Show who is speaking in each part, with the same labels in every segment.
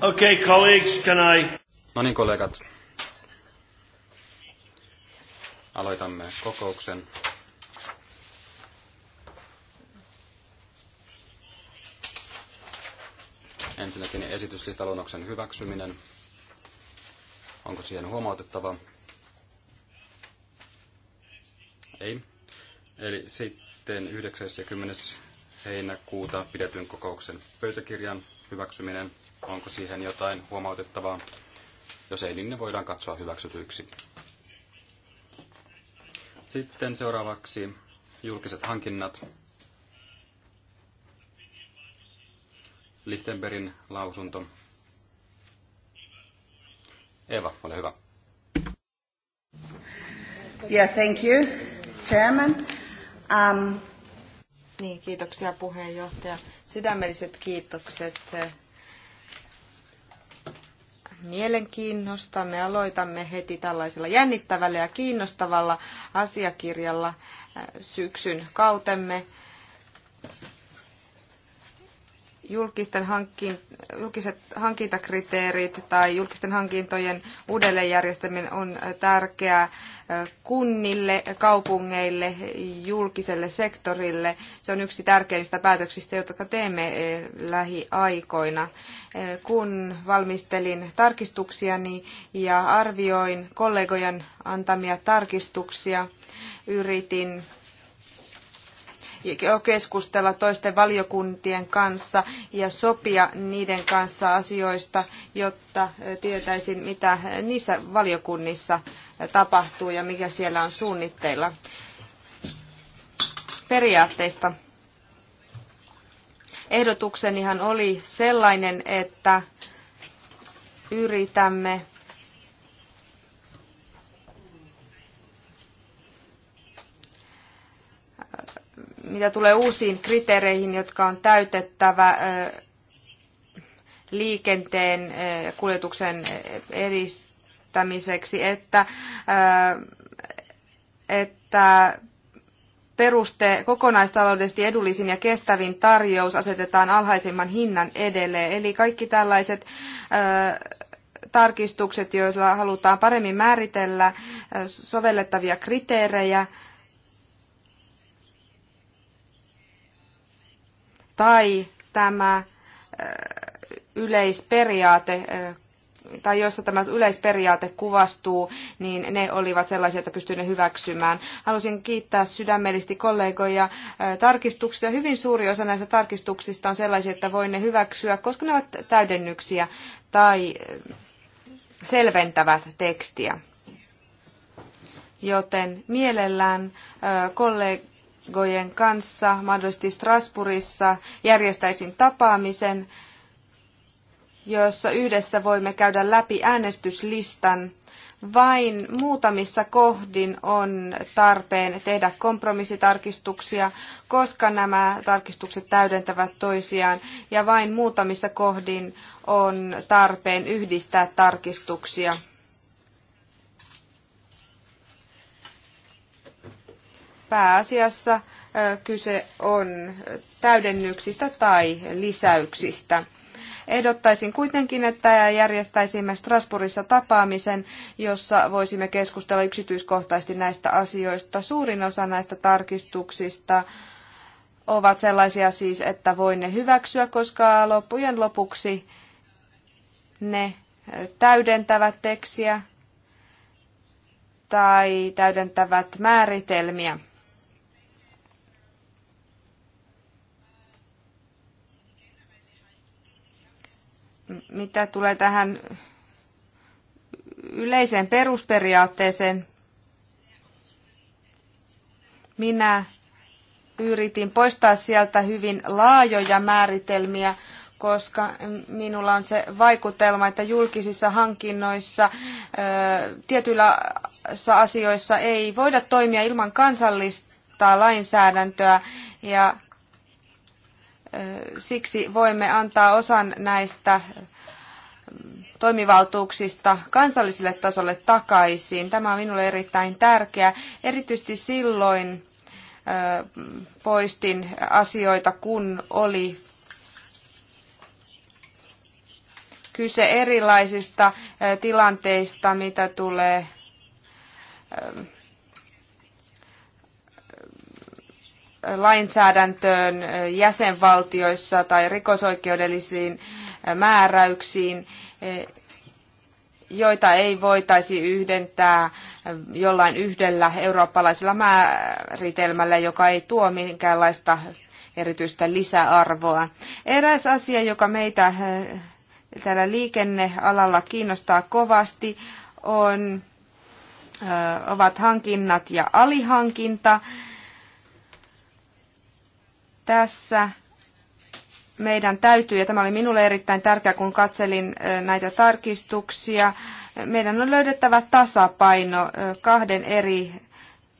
Speaker 1: Okay, colleagues, can I...
Speaker 2: No niin, kollegat. Aloitamme kokouksen. Ensinnäkin esityslistaluonnoksen hyväksyminen. Onko siihen huomautettava? Ei. Eli sitten 9. ja 10. heinäkuuta pidetyn kokouksen pöytäkirjan hyväksyminen. Onko siihen jotain huomautettavaa? Jos ei, niin ne voidaan katsoa hyväksytyiksi. Sitten seuraavaksi julkiset hankinnat. Lichtenbergin lausunto. Eva, ole hyvä. Yeah, thank you,
Speaker 1: Chairman. Um, niin, kiitoksia puheenjohtaja. Sydämelliset kiitokset mielenkiinnosta. Me aloitamme heti tällaisella jännittävällä ja kiinnostavalla asiakirjalla äh, syksyn kautemme julkisten hankin, julkiset hankintakriteerit tai julkisten hankintojen uudelleenjärjestäminen on tärkeää kunnille, kaupungeille, julkiselle sektorille. Se on yksi tärkeimmistä päätöksistä, jotka teemme lähiaikoina. Kun valmistelin tarkistuksiani ja arvioin kollegojen antamia tarkistuksia, yritin keskustella toisten valiokuntien kanssa ja sopia niiden kanssa asioista, jotta tietäisin, mitä niissä valiokunnissa tapahtuu ja mikä siellä on suunnitteilla periaatteista. Ehdotuksenihan oli sellainen, että yritämme mitä tulee uusiin kriteereihin, jotka on täytettävä liikenteen ja kuljetuksen edistämiseksi, että, että peruste kokonaistaloudellisesti edullisin ja kestävin tarjous asetetaan alhaisimman hinnan edelle. Eli kaikki tällaiset tarkistukset, joilla halutaan paremmin määritellä sovellettavia kriteerejä, tai tämä äh, yleisperiaate äh, tai joissa tämä yleisperiaate kuvastuu, niin ne olivat sellaisia, että pystyin ne hyväksymään. Halusin kiittää sydämellisesti kollegoja äh, tarkistuksista. Hyvin suuri osa näistä tarkistuksista on sellaisia, että voin ne hyväksyä, koska ne ovat täydennyksiä tai selventävät tekstiä. Joten mielellään kollegoja. Gojen kanssa, mahdollisesti Strasbourgissa, järjestäisin tapaamisen, jossa yhdessä voimme käydä läpi äänestyslistan. Vain muutamissa kohdin on tarpeen tehdä kompromissitarkistuksia, koska nämä tarkistukset täydentävät toisiaan, ja vain muutamissa kohdin on tarpeen yhdistää tarkistuksia. Pääasiassa kyse on täydennyksistä tai lisäyksistä. Ehdottaisin kuitenkin, että järjestäisimme Strasbourgissa tapaamisen, jossa voisimme keskustella yksityiskohtaisesti näistä asioista. Suurin osa näistä tarkistuksista ovat sellaisia siis, että voin ne hyväksyä, koska loppujen lopuksi ne täydentävät tekstiä tai täydentävät määritelmiä. mitä tulee tähän yleiseen perusperiaatteeseen, minä yritin poistaa sieltä hyvin laajoja määritelmiä, koska minulla on se vaikutelma, että julkisissa hankinnoissa tietyillä asioissa ei voida toimia ilman kansallista lainsäädäntöä ja siksi voimme antaa osan näistä toimivaltuuksista kansalliselle tasolle takaisin. Tämä on minulle erittäin tärkeää, erityisesti silloin poistin asioita, kun oli kyse erilaisista tilanteista, mitä tulee lainsäädäntöön jäsenvaltioissa tai rikosoikeudellisiin määräyksiin, joita ei voitaisi yhdentää jollain yhdellä eurooppalaisella määritelmällä, joka ei tuo minkäänlaista erityistä lisäarvoa. Eräs asia, joka meitä täällä liikennealalla kiinnostaa kovasti, on, ovat hankinnat ja alihankinta tässä meidän täytyy, ja tämä oli minulle erittäin tärkeää, kun katselin näitä tarkistuksia, meidän on löydettävä tasapaino kahden eri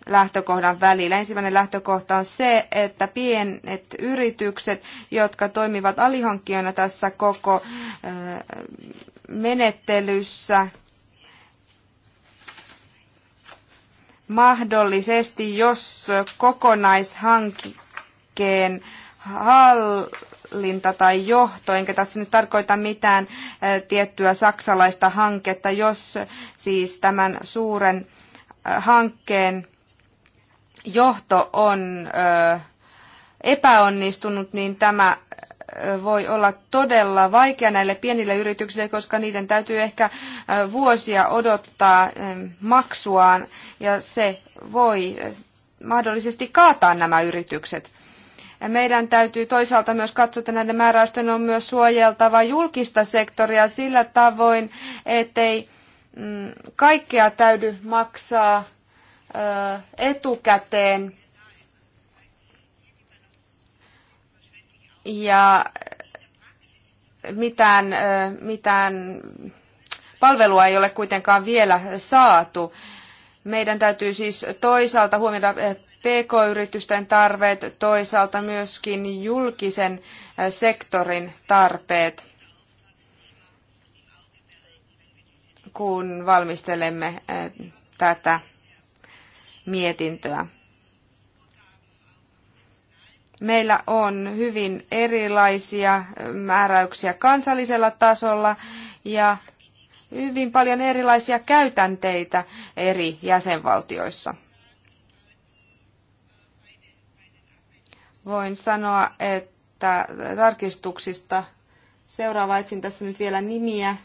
Speaker 1: lähtökohdan välillä. Ensimmäinen lähtökohta on se, että pienet yritykset, jotka toimivat alihankkijoina tässä koko menettelyssä, mahdollisesti, jos kokonaishankki, hankkeen hallinta tai johto, enkä tässä nyt tarkoita mitään tiettyä saksalaista hanketta, jos siis tämän suuren hankkeen johto on epäonnistunut, niin tämä voi olla todella vaikea näille pienille yrityksille, koska niiden täytyy ehkä vuosia odottaa maksuaan ja se voi mahdollisesti kaataa nämä yritykset. Meidän täytyy toisaalta myös katsoa, että näiden määräysten on myös suojeltava julkista sektoria sillä tavoin, ettei mm, kaikkea täydy maksaa etukäteen. Ja mitään, mitään palvelua ei ole kuitenkaan vielä saatu. Meidän täytyy siis toisaalta huomioida pk-yritysten tarpeet, toisaalta myöskin julkisen sektorin tarpeet, kun valmistelemme tätä mietintöä. Meillä on hyvin erilaisia määräyksiä kansallisella tasolla ja hyvin paljon erilaisia käytänteitä eri jäsenvaltioissa. voin sanoa, että tarkistuksista seuraava etsin tässä nyt vielä nimiä.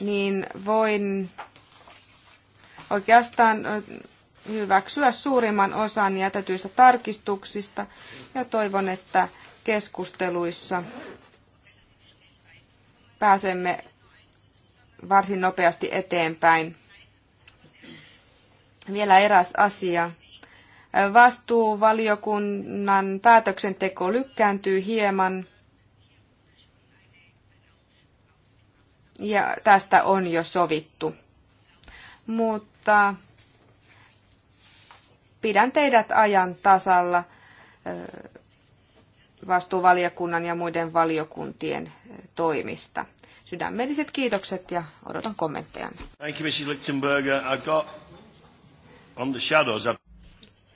Speaker 1: Niin voin oikeastaan hyväksyä suurimman osan jätetyistä tarkistuksista ja toivon, että keskusteluissa pääsemme varsin nopeasti eteenpäin. Vielä eräs asia. Vastuuvaliokunnan päätöksenteko lykkääntyy hieman. Ja tästä on jo sovittu. Mutta pidän teidät ajan tasalla vastuuvaliokunnan ja muiden valiokuntien toimista. Sydämelliset kiitokset ja odotan kommentteja.
Speaker 2: Thank you, Lichtenberger. I've got on the shadows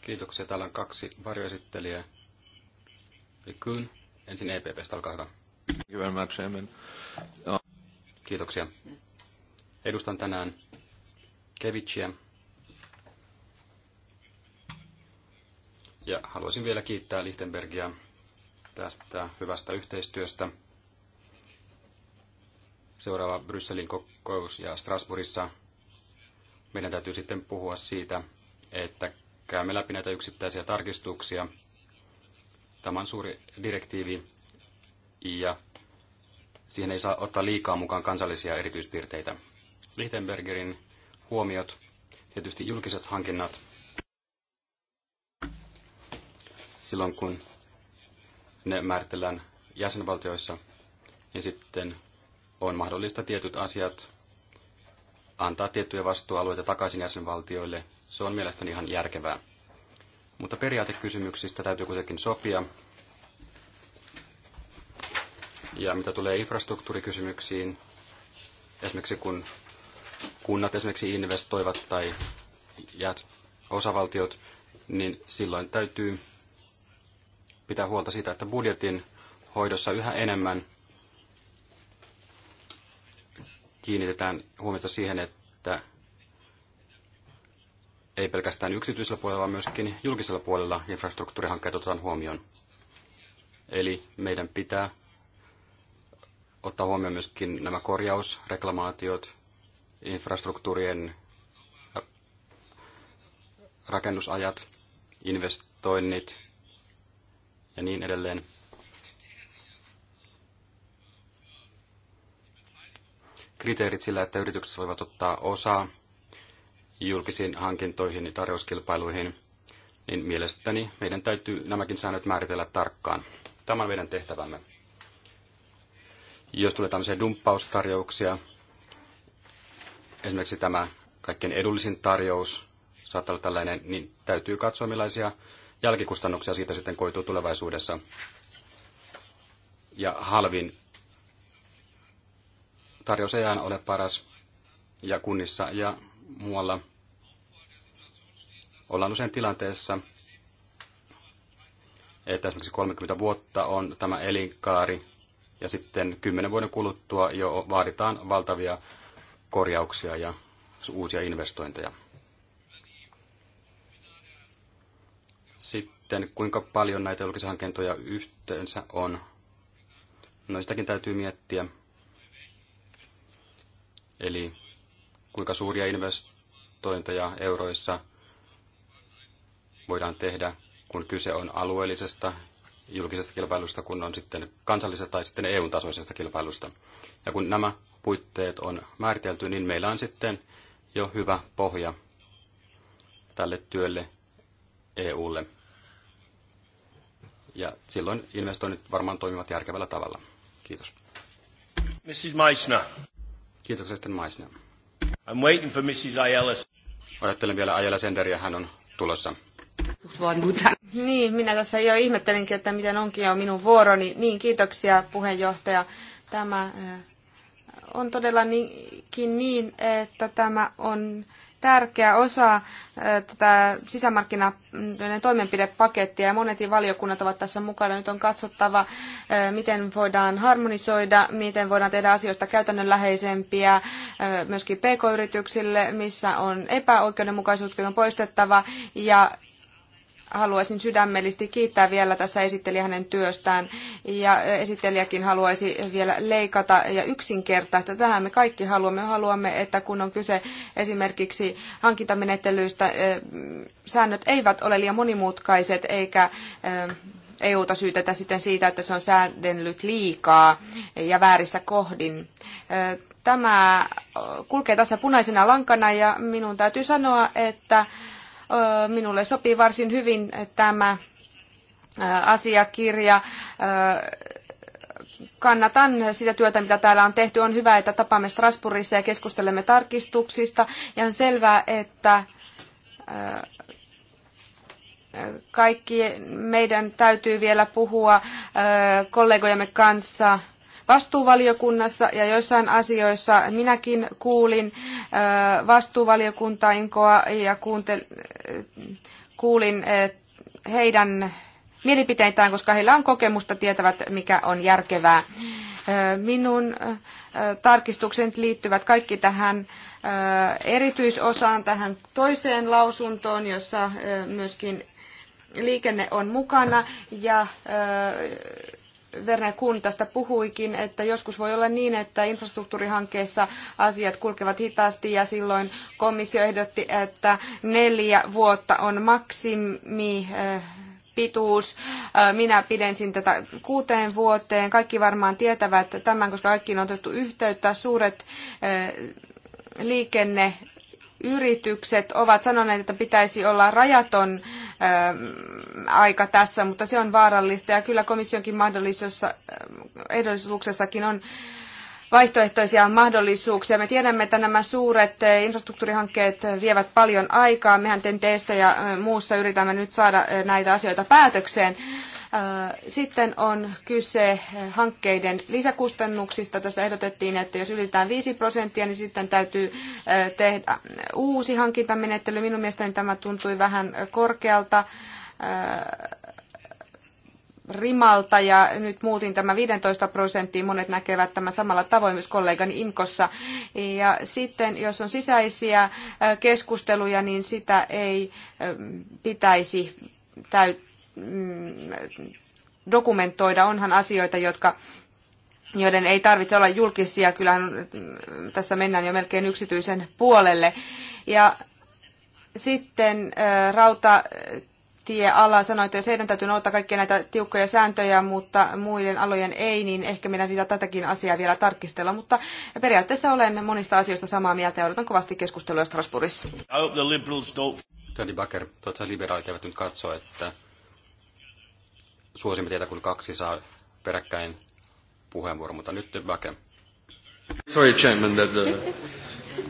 Speaker 2: Kiitoksia. Täällä on kaksi varjoesittelijää. Eli Kuhn, ensin EPPstä, olkaa hyvä. Thank you very much, uh, Kiitoksia. Edustan tänään Kevitsiä. Ja haluaisin vielä kiittää Lichtenbergia tästä hyvästä yhteistyöstä. Seuraava Brysselin kokous ja Strasbourgissa meidän täytyy sitten puhua siitä, että käymme läpi näitä yksittäisiä tarkistuksia. Tämä on suuri direktiivi ja siihen ei saa ottaa liikaa mukaan kansallisia erityispiirteitä. Lichtenbergerin huomiot, tietysti julkiset hankinnat, silloin kun ne määritellään jäsenvaltioissa, niin sitten on mahdollista tietyt asiat antaa tiettyjä vastuualueita takaisin jäsenvaltioille. Se on mielestäni ihan järkevää. Mutta periaatekysymyksistä täytyy kuitenkin sopia. Ja mitä tulee infrastruktuurikysymyksiin, esimerkiksi kun kunnat esimerkiksi investoivat tai osavaltiot, niin silloin täytyy pitää huolta siitä, että budjetin hoidossa yhä enemmän – kiinnitetään huomiota siihen, että ei pelkästään yksityisellä puolella, vaan myöskin julkisella puolella infrastruktuurihankkeet otetaan huomioon. Eli meidän pitää ottaa huomioon myöskin nämä korjausreklamaatiot, infrastruktuurien rakennusajat, investoinnit ja niin edelleen. kriteerit sillä, että yritykset voivat ottaa osaa julkisiin hankintoihin ja tarjouskilpailuihin, niin mielestäni meidän täytyy nämäkin säännöt määritellä tarkkaan. Tämä on meidän tehtävämme. Jos tulee tämmöisiä dumppaustarjouksia, esimerkiksi tämä kaikkein edullisin tarjous saattaa olla tällainen, niin täytyy katsoa millaisia jälkikustannuksia siitä sitten koituu tulevaisuudessa. Ja halvin tarjous ei aina ole paras ja kunnissa ja muualla ollaan usein tilanteessa, että esimerkiksi 30 vuotta on tämä elinkaari ja sitten 10 vuoden kuluttua jo vaaditaan valtavia korjauksia ja uusia investointeja. Sitten kuinka paljon näitä julkisia hankintoja yhteensä on? No sitäkin täytyy miettiä. Eli kuinka suuria investointeja euroissa voidaan tehdä, kun kyse on alueellisesta julkisesta kilpailusta, kun on sitten kansallisesta tai sitten EU-tasoisesta kilpailusta. Ja kun nämä puitteet on määritelty, niin meillä on sitten jo hyvä pohja tälle työlle EUlle. Ja silloin investoinnit varmaan toimivat järkevällä tavalla. Kiitos. Mrs. Meissner. Kiitoksia sitten Maisina. I'm waiting for Mrs. Ayala. Odottelen vielä Ayala Senderiä, hän on tulossa.
Speaker 1: Niin, minä tässä jo ihmettelinkin, että miten onkin jo minun vuoroni. Niin, kiitoksia puheenjohtaja. Tämä eh, on todellakin niin, että tämä on tärkeä osa äh, tätä sisämarkkinoiden toimenpidepakettia ja monet valiokunnat ovat tässä mukana. Nyt on katsottava, äh, miten voidaan harmonisoida, miten voidaan tehdä asioista käytännönläheisempiä äh, myöskin pk-yrityksille, missä on epäoikeudenmukaisuutta, on poistettava ja haluaisin sydämellisesti kiittää vielä tässä esittelijä hänen työstään. Ja esittelijäkin haluaisi vielä leikata ja yksinkertaista. Tähän me kaikki haluamme. Haluamme, että kun on kyse esimerkiksi hankintamenettelyistä, säännöt eivät ole liian monimutkaiset eikä EUta syytetä sitten siitä, että se on säädellyt liikaa ja väärissä kohdin. Tämä kulkee tässä punaisena lankana ja minun täytyy sanoa, että Minulle sopii varsin hyvin tämä asiakirja kannatan sitä työtä, mitä täällä on tehty. On hyvä, että tapaamme Strasbourgissa ja keskustelemme tarkistuksista. Ja on selvää, että kaikki meidän täytyy vielä puhua kollegojemme kanssa vastuuvaliokunnassa ja joissain asioissa minäkin kuulin vastuuvaliokuntaa Inkoa ja kuuntel- kuulin heidän mielipiteitään, koska heillä on kokemusta, tietävät mikä on järkevää. Minun tarkistukset liittyvät kaikki tähän erityisosaan, tähän toiseen lausuntoon, jossa myöskin liikenne on mukana ja Werner Kuhn tästä puhuikin, että joskus voi olla niin, että infrastruktuurihankkeissa asiat kulkevat hitaasti ja silloin komissio ehdotti, että neljä vuotta on maksimi pituus. Minä pidensin tätä kuuteen vuoteen. Kaikki varmaan tietävät tämän, koska kaikkiin on otettu yhteyttä. Suuret eh, liikenne yritykset ovat sanoneet, että pitäisi olla rajaton ähm, aika tässä, mutta se on vaarallista. Ja kyllä komissionkin mahdollisuuksessa, ähm, ehdollisuuksessakin on vaihtoehtoisia mahdollisuuksia. Me tiedämme, että nämä suuret äh, infrastruktuurihankkeet vievät paljon aikaa. Mehän TENTeessä ja äh, muussa yritämme nyt saada äh, näitä asioita päätökseen. Sitten on kyse hankkeiden lisäkustannuksista. Tässä ehdotettiin, että jos ylitään 5 prosenttia, niin sitten täytyy tehdä uusi hankintamenettely. Minun mielestäni tämä tuntui vähän korkealta rimalta ja nyt muutin tämä 15 prosenttiin. Monet näkevät tämän samalla tavoin myös kollegani Imkossa. Ja sitten jos on sisäisiä keskusteluja, niin sitä ei pitäisi täyttää Mm, dokumentoida. Onhan asioita, jotka joiden ei tarvitse olla julkisia. Kyllähän mm, tässä mennään jo melkein yksityisen puolelle. Ja sitten rauta ala sanoi, että jos heidän täytyy noudattaa kaikkia näitä tiukkoja sääntöjä, mutta muiden alojen ei, niin ehkä meidän pitää tätäkin asiaa vielä tarkistella. Mutta periaatteessa olen monista asioista samaa mieltä ja odotan kovasti keskustelua
Speaker 2: Strasbourgissa. Tony Baker, tuota liberaalit eivät nyt katso, että suosimme teitä, kun kaksi saa peräkkäin puheenvuoron, mutta nyt väke. Sorry, Chairman, that the,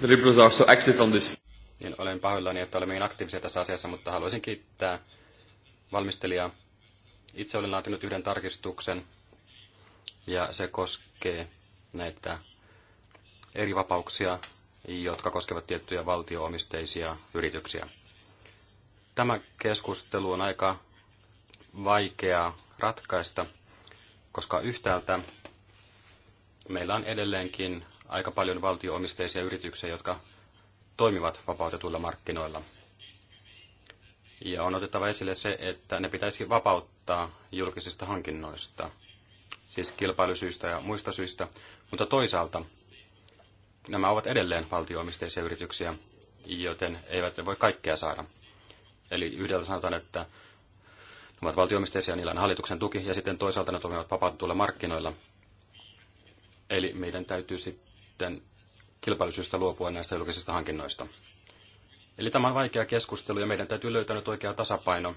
Speaker 2: the Liberals are so active on this. Niin, olen pahoillani, että olemme niin aktiivisia tässä asiassa, mutta haluaisin kiittää valmistelijaa. Itse olen laatinut yhden tarkistuksen, ja se koskee näitä eri vapauksia, jotka koskevat tiettyjä valtioomisteisia yrityksiä. Tämä keskustelu on aika vaikeaa ratkaista, koska yhtäältä meillä on edelleenkin aika paljon valtioomisteisia yrityksiä, jotka toimivat vapautetuilla markkinoilla. Ja on otettava esille se, että ne pitäisi vapauttaa julkisista hankinnoista, siis kilpailusyistä ja muista syistä, mutta toisaalta nämä ovat edelleen valtioomisteisia yrityksiä, joten eivät voi kaikkea saada. Eli yhdeltä sanotaan, että ne ovat valtioomisteisia, niillä on hallituksen tuki, ja sitten toisaalta ne toimivat vapautetuilla markkinoilla. Eli meidän täytyy sitten kilpailusyistä luopua näistä julkisista hankinnoista. Eli tämä on vaikea keskustelu, ja meidän täytyy löytää nyt oikea tasapaino.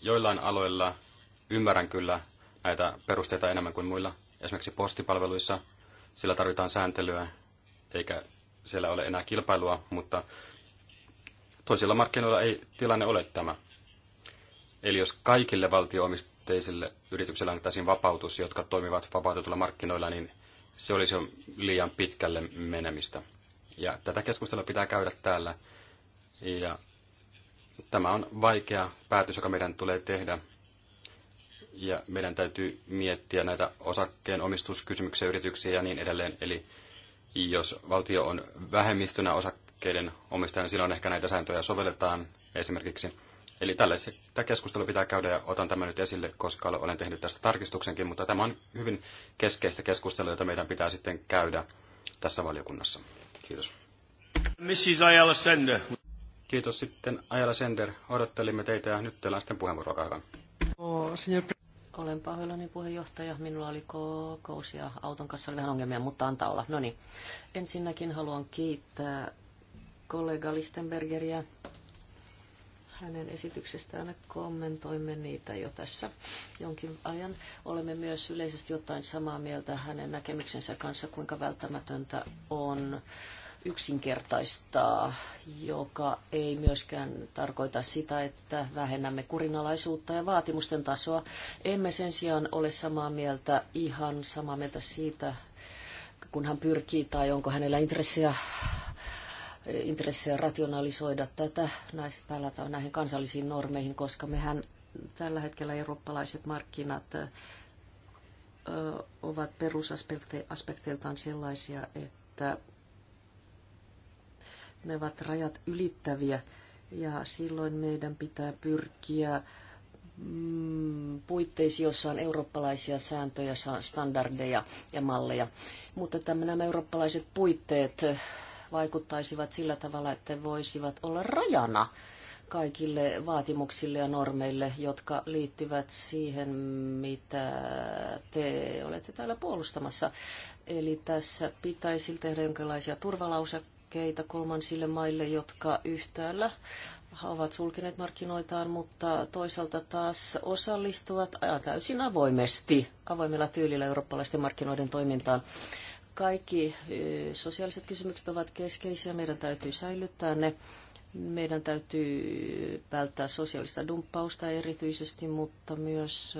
Speaker 2: Joillain aloilla ymmärrän kyllä näitä perusteita enemmän kuin muilla. Esimerkiksi postipalveluissa sillä tarvitaan sääntelyä, eikä siellä ole enää kilpailua, mutta toisilla markkinoilla ei tilanne ole tämä. Eli jos kaikille valtioomisteisille yrityksille annettaisiin vapautus, jotka toimivat vapautetulla markkinoilla, niin se olisi jo liian pitkälle menemistä. Ja tätä keskustelua pitää käydä täällä. Ja tämä on vaikea päätös, joka meidän tulee tehdä. Ja meidän täytyy miettiä näitä osakkeen omistuskysymyksiä, yrityksiä ja niin edelleen. Eli jos valtio on vähemmistönä osakkeiden omistajana, silloin ehkä näitä sääntöjä sovelletaan esimerkiksi – Eli tällaista keskustelua pitää käydä ja otan tämän nyt esille, koska olen tehnyt tästä tarkistuksenkin, mutta tämä on hyvin keskeistä keskustelua, jota meidän pitää sitten käydä tässä valiokunnassa. Kiitos. Mrs. Ayala Sender. Kiitos sitten Ajala Sender. Odottelimme teitä ja nyt teillä on sitten puheenvuoro. Olkaa
Speaker 3: hyvä. Olen pahoillani puheenjohtaja. Minulla oli kokous ja auton kanssa oli vähän ongelmia, mutta antaa olla. No niin. Ensinnäkin haluan kiittää kollega Lichtenbergeriä hänen esityksestään kommentoimme niitä jo tässä jonkin ajan. Olemme myös yleisesti jotain samaa mieltä hänen näkemyksensä kanssa, kuinka välttämätöntä on yksinkertaistaa, joka ei myöskään tarkoita sitä, että vähennämme kurinalaisuutta ja vaatimusten tasoa. Emme sen sijaan ole samaa mieltä, ihan samaa mieltä siitä, kun hän pyrkii tai onko hänellä intressiä intressejä rationalisoida tätä näistä näihin kansallisiin normeihin, koska mehän tällä hetkellä eurooppalaiset markkinat ovat perusaspekteiltaan sellaisia, että ne ovat rajat ylittäviä ja silloin meidän pitää pyrkiä mm, puitteisiin, jossa on eurooppalaisia sääntöjä, standardeja ja malleja. Mutta nämä eurooppalaiset puitteet vaikuttaisivat sillä tavalla, että voisivat olla rajana kaikille vaatimuksille ja normeille, jotka liittyvät siihen, mitä te olette täällä puolustamassa. Eli tässä pitäisi tehdä jonkinlaisia turvalausekkeita kolmansille maille, jotka yhtäällä ovat sulkineet markkinoitaan, mutta toisaalta taas osallistuvat täysin avoimesti, avoimella tyylillä eurooppalaisten markkinoiden toimintaan. Kaikki sosiaaliset kysymykset ovat keskeisiä, meidän täytyy säilyttää ne. Meidän täytyy välttää sosiaalista dumppausta erityisesti, mutta myös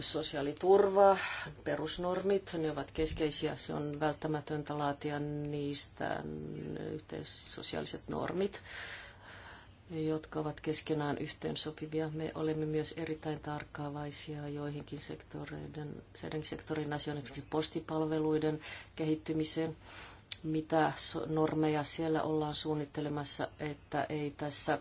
Speaker 3: sosiaaliturva, perusnormit, ne ovat keskeisiä. Se on välttämätöntä laatia niistä yhteissosiaaliset normit jotka ovat keskenään yhteensopivia. Me olemme myös erittäin tarkkaavaisia joihinkin sektoreiden, sektorin asioiden, esimerkiksi postipalveluiden kehittymiseen, mitä normeja siellä ollaan suunnittelemassa, että ei tässä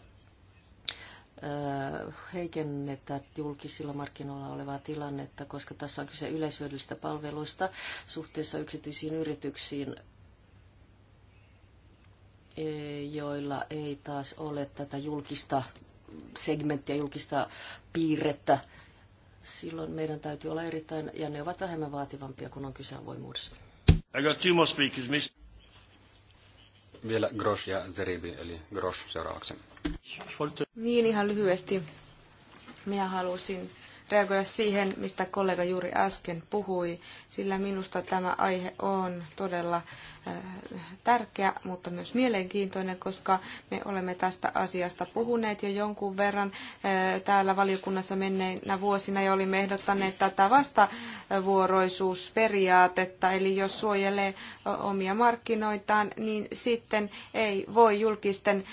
Speaker 3: heikennetä julkisilla markkinoilla olevaa tilannetta, koska tässä on kyse yleishyödyllistä palveluista suhteessa yksityisiin yrityksiin E, joilla ei taas ole tätä julkista segmenttiä, julkista piirrettä. Silloin meidän täytyy olla erittäin, ja ne ovat vähemmän vaativampia, kun on kyse avoimuudesta.
Speaker 2: I got two more speakers, miss. Vielä Grosh ja Zeribi, eli Grosh seuraavaksi.
Speaker 1: Niin ihan lyhyesti. Minä halusin reagoida siihen, mistä kollega juuri äsken puhui, sillä minusta tämä aihe on todella tärkeä, mutta myös mielenkiintoinen, koska me olemme tästä asiasta puhuneet jo jonkun verran eh, täällä valiokunnassa menneinä vuosina ja olimme ehdottaneet tätä vastavuoroisuusperiaatetta. Eli jos suojelee omia markkinoitaan, niin sitten ei voi julkisten eh,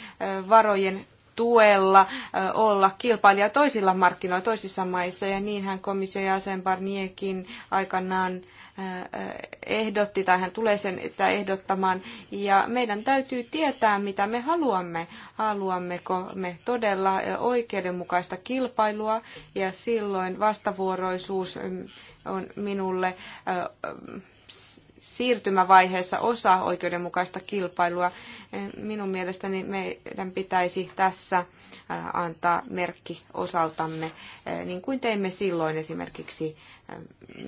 Speaker 1: varojen tuella eh, olla kilpailija toisilla markkinoilla toisissa maissa, ja niinhän komissio jäsen Barniekin aikanaan ehdotti tai hän tulee sen, sitä ehdottamaan. Ja meidän täytyy tietää, mitä me haluamme. Haluammeko me todella oikeudenmukaista kilpailua ja silloin vastavuoroisuus mm, on minulle siirtymävaiheessa osa oikeudenmukaista kilpailua. Minun mielestäni meidän pitäisi tässä antaa merkki osaltamme, niin kuin teimme silloin esimerkiksi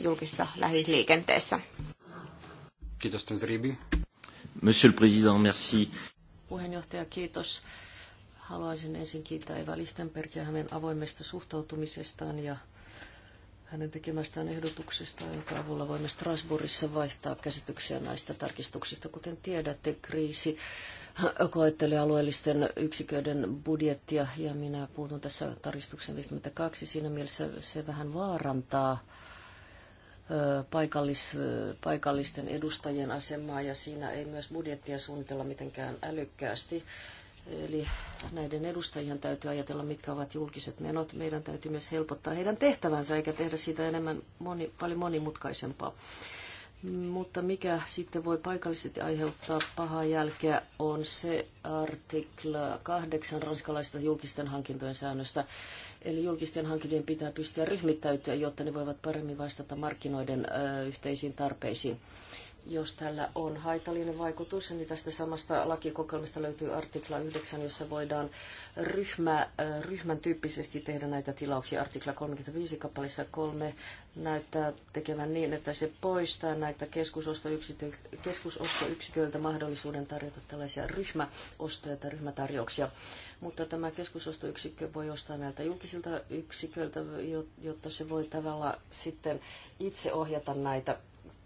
Speaker 1: julkisessa lähiliikenteessä.
Speaker 2: Kiitos, Ribi.
Speaker 3: Monsieur le Président, merci. Puheenjohtaja, kiitos. Haluaisin ensin kiittää Eva Lichtenbergia hänen avoimesta suhtautumisestaan ja hänen tekemästään ehdotuksesta, jonka avulla voimme Strasbourgissa vaihtaa käsityksiä näistä tarkistuksista. Kuten tiedätte, kriisi koettelee alueellisten yksiköiden budjettia ja minä puutun tässä tarkistuksen 52. Siinä mielessä se vähän vaarantaa paikallis, paikallisten edustajien asemaa ja siinä ei myös budjettia suunnitella mitenkään älykkäästi. Eli näiden edustajien täytyy ajatella, mitkä ovat julkiset menot. Meidän täytyy myös helpottaa heidän tehtävänsä, eikä tehdä siitä enemmän moni, paljon monimutkaisempaa. Mutta mikä sitten voi paikallisesti aiheuttaa pahaa jälkeä on se artikla 8 ranskalaisista julkisten hankintojen säännöstä. Eli julkisten hankintojen pitää pystyä ryhmittäytyä, jotta ne voivat paremmin vastata markkinoiden ö, yhteisiin tarpeisiin jos tällä on haitallinen vaikutus, niin tästä samasta lakikokoelmasta löytyy artikla 9, jossa voidaan ryhmä, ryhmän tyyppisesti tehdä näitä tilauksia. Artikla 35 kappaleessa 3 näyttää tekevän niin, että se poistaa näitä keskusostoyksiköiltä mahdollisuuden tarjota tällaisia ryhmäostoja tai ryhmätarjouksia. Mutta tämä keskusostoyksikkö voi ostaa näiltä julkisilta yksiköiltä, jotta se voi tavallaan sitten itse ohjata näitä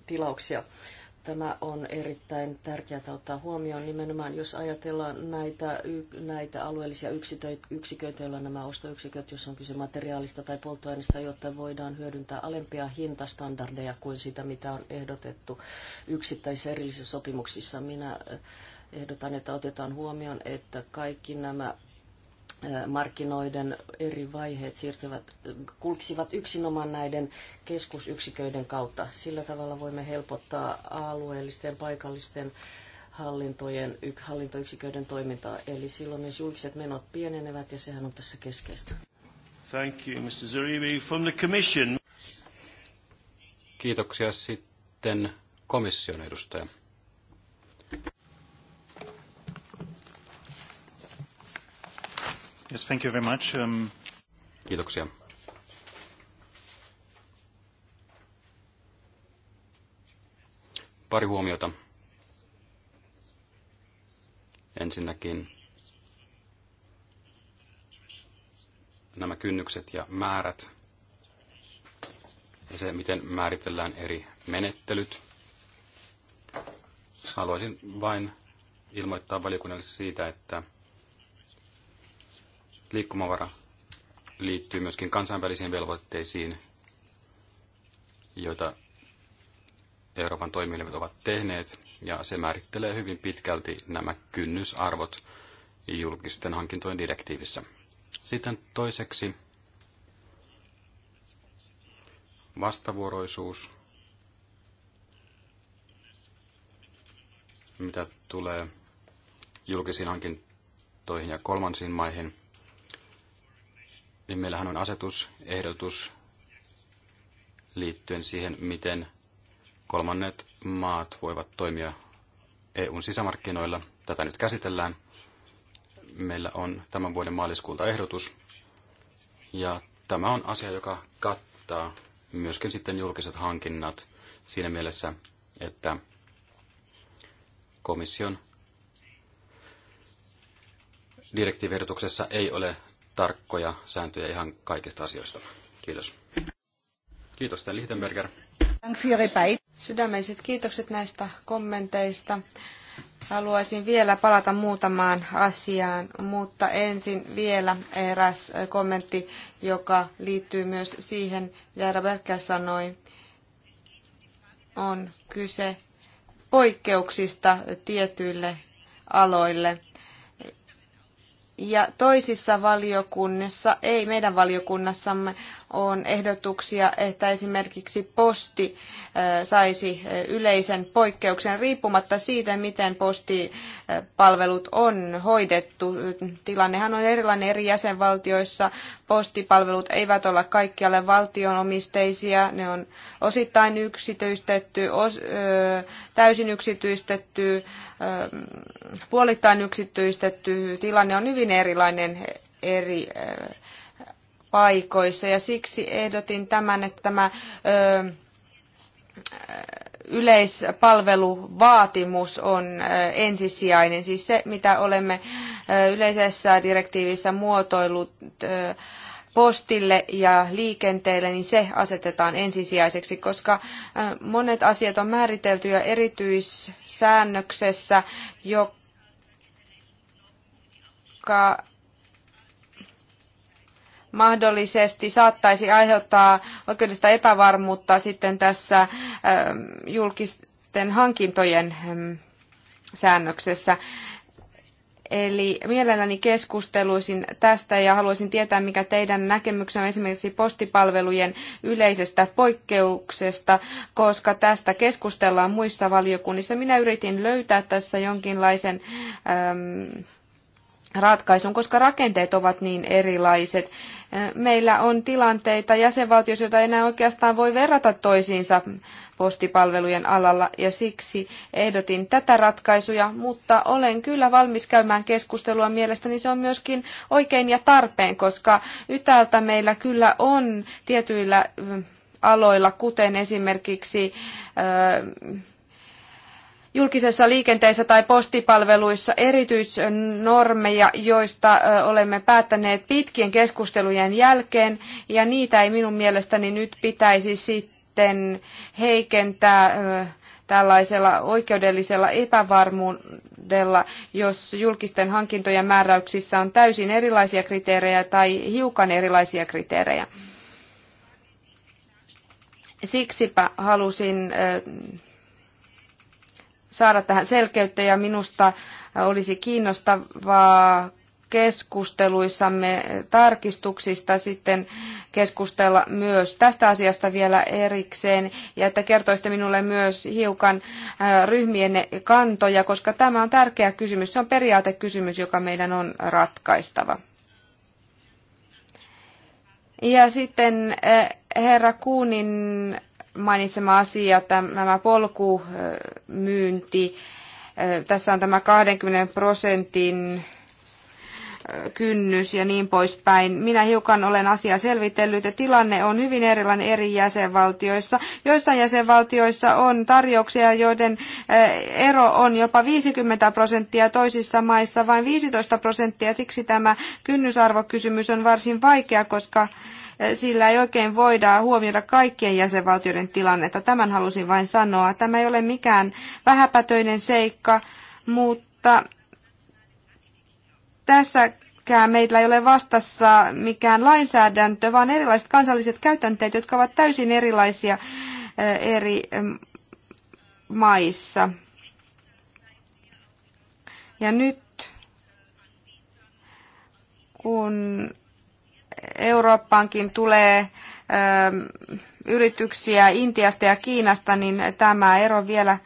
Speaker 3: tilauksia. Tämä on erittäin tärkeää ottaa huomioon nimenomaan, jos ajatellaan näitä, näitä alueellisia yksiköitä, joilla nämä ostoyksiköt, jos on kyse materiaalista tai polttoaineista, jotta voidaan hyödyntää alempia hintastandardeja kuin sitä, mitä on ehdotettu yksittäisissä erillisissä sopimuksissa. Minä ehdotan, että otetaan huomioon, että kaikki nämä markkinoiden eri vaiheet siirtyvät, kulksivat yksinomaan näiden keskusyksiköiden kautta. Sillä tavalla voimme helpottaa alueellisten, paikallisten hallintojen, hallintoyksiköiden toimintaa. Eli silloin myös julkiset menot pienenevät ja sehän on tässä keskeistä.
Speaker 2: Thank you, Mr. Zeribi, From the commission. Kiitoksia sitten komission edustaja. Yes, thank you very much. Um... Kiitoksia. Pari huomiota. Ensinnäkin nämä kynnykset ja määrät ja se, miten määritellään eri menettelyt. Haluaisin vain ilmoittaa valiokunnalle siitä, että liikkumavara liittyy myöskin kansainvälisiin velvoitteisiin, joita Euroopan toimielimet ovat tehneet, ja se määrittelee hyvin pitkälti nämä kynnysarvot julkisten hankintojen direktiivissä. Sitten toiseksi vastavuoroisuus, mitä tulee julkisiin hankintoihin ja kolmansiin maihin – niin meillähän on asetusehdotus liittyen siihen, miten kolmannet maat voivat toimia EUn sisämarkkinoilla. Tätä nyt käsitellään. Meillä on tämän vuoden maaliskuulta ehdotus. Ja tämä on asia, joka kattaa myöskin sitten julkiset hankinnat siinä mielessä, että komission direktiivehdotuksessa ei ole tarkkoja sääntöjä ihan kaikista asioista. Kiitos. Kiitos, Sten Lichtenberger.
Speaker 1: Sydämelliset kiitokset näistä kommenteista. Haluaisin vielä palata muutamaan asiaan, mutta ensin vielä eräs kommentti, joka liittyy myös siihen, mitä Robertka sanoi. On kyse poikkeuksista tietyille aloille. Ja toisissa valiokunnissa, ei meidän valiokunnassamme, on ehdotuksia, että esimerkiksi posti saisi yleisen poikkeuksen riippumatta siitä, miten postipalvelut on hoidettu. Tilannehan on erilainen eri jäsenvaltioissa. Postipalvelut eivät ole kaikkialle valtionomisteisia. Ne on osittain yksityistetty, os, täysin yksityistetty, puolittain yksityistetty. Tilanne on hyvin erilainen eri paikoissa ja siksi ehdotin tämän, että tämä ö, yleispalveluvaatimus on äh, ensisijainen, siis se mitä olemme äh, yleisessä direktiivissä muotoillut äh, postille ja liikenteelle, niin se asetetaan ensisijaiseksi, koska monet asiat on määritelty jo erityissäännöksessä, joka mahdollisesti saattaisi aiheuttaa oikeudellista epävarmuutta sitten tässä ähm, julkisten hankintojen ähm, säännöksessä. Eli mielelläni keskusteluisin tästä ja haluaisin tietää, mikä teidän näkemyksenne esimerkiksi postipalvelujen yleisestä poikkeuksesta, koska tästä keskustellaan muissa valiokunnissa. Minä yritin löytää tässä jonkinlaisen äm, ratkaisun, koska rakenteet ovat niin erilaiset. Meillä on tilanteita jäsenvaltioissa, joita enää oikeastaan voi verrata toisiinsa postipalvelujen alalla, ja siksi ehdotin tätä ratkaisuja, mutta olen kyllä valmis käymään keskustelua. Mielestäni se on myöskin oikein ja tarpeen, koska ytäältä meillä kyllä on tietyillä aloilla, kuten esimerkiksi julkisessa liikenteessä tai postipalveluissa erityisnormeja, joista olemme päättäneet pitkien keskustelujen jälkeen, ja niitä ei minun mielestäni nyt pitäisi sitten heikentää tällaisella oikeudellisella epävarmuudella, jos julkisten hankintojen määräyksissä on täysin erilaisia kriteerejä tai hiukan erilaisia kriteerejä. Siksipä halusin saada tähän selkeyttä ja minusta olisi kiinnostavaa keskusteluissamme tarkistuksista sitten keskustella myös tästä asiasta vielä erikseen ja että kertoisitte minulle myös hiukan äh, ryhmien kantoja, koska tämä on tärkeä kysymys. Se on periaatekysymys, joka meidän on ratkaistava. Ja sitten äh, herra Kuunin mainitsema asia, että nämä polkumyynti, tässä on tämä 20 prosentin kynnys ja niin poispäin. Minä hiukan olen asiaa selvitellyt ja tilanne on hyvin erilainen eri jäsenvaltioissa. Joissain jäsenvaltioissa on tarjouksia, joiden ero on jopa 50 prosenttia, toisissa maissa vain 15 prosenttia. Siksi tämä kynnysarvokysymys on varsin vaikea, koska sillä ei oikein voida huomioida kaikkien jäsenvaltioiden tilannetta. Tämän halusin vain sanoa. Tämä ei ole mikään vähäpätöinen seikka, mutta tässä meillä ei ole vastassa mikään lainsäädäntö, vaan erilaiset kansalliset käytänteet, jotka ovat täysin erilaisia eh, eri maissa. Ja nyt kun Eurooppaankin tulee ähm, yrityksiä Intiasta ja Kiinasta, niin tämä ero vielä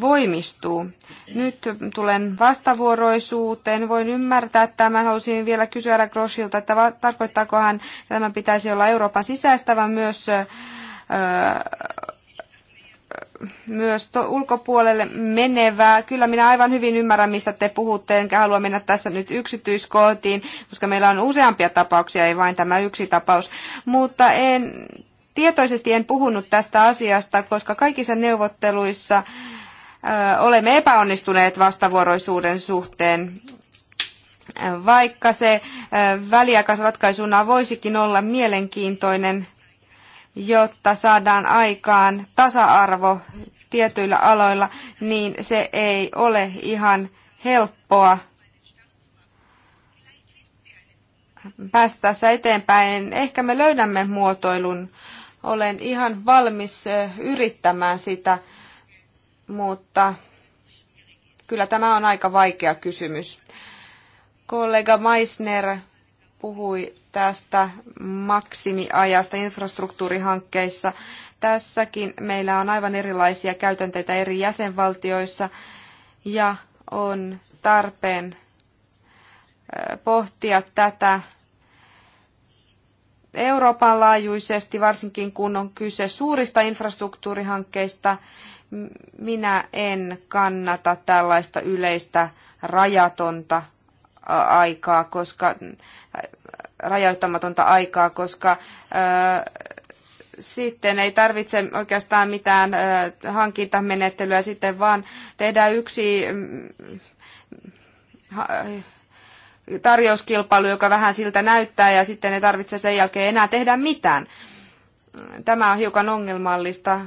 Speaker 1: voimistuu. Nyt tulen vastavuoroisuuteen. Voin ymmärtää tämän. Haluaisin vielä kysyä Ära Groschilta, että va- tarkoittaakohan tämä pitäisi olla Euroopan sisäistävä myös äh, myös to- ulkopuolelle menevää. Kyllä minä aivan hyvin ymmärrän, mistä te puhutte, enkä halua mennä tässä nyt yksityiskohtiin, koska meillä on useampia tapauksia, ei vain tämä yksi tapaus. Mutta en, tietoisesti en puhunut tästä asiasta, koska kaikissa neuvotteluissa ö, olemme epäonnistuneet vastavuoroisuuden suhteen. Vaikka se väliaikaisratkaisuna voisikin olla mielenkiintoinen, jotta saadaan aikaan tasa-arvo tietyillä aloilla, niin se ei ole ihan helppoa päästä tässä eteenpäin. Ehkä me löydämme muotoilun. Olen ihan valmis yrittämään sitä, mutta kyllä tämä on aika vaikea kysymys. Kollega Meissner puhui tästä maksimiajasta infrastruktuurihankkeissa. Tässäkin meillä on aivan erilaisia käytänteitä eri jäsenvaltioissa ja on tarpeen pohtia tätä Euroopan laajuisesti, varsinkin kun on kyse suurista infrastruktuurihankkeista. Minä en kannata tällaista yleistä rajatonta aikaa, koska rajoittamatonta aikaa, koska sitten ei tarvitse oikeastaan mitään hankintamenettelyä sitten, vaan tehdään yksi mm, tarjouskilpailu, joka vähän siltä näyttää ja sitten ei tarvitse sen jälkeen enää tehdä mitään. Tämä on hiukan ongelmallista,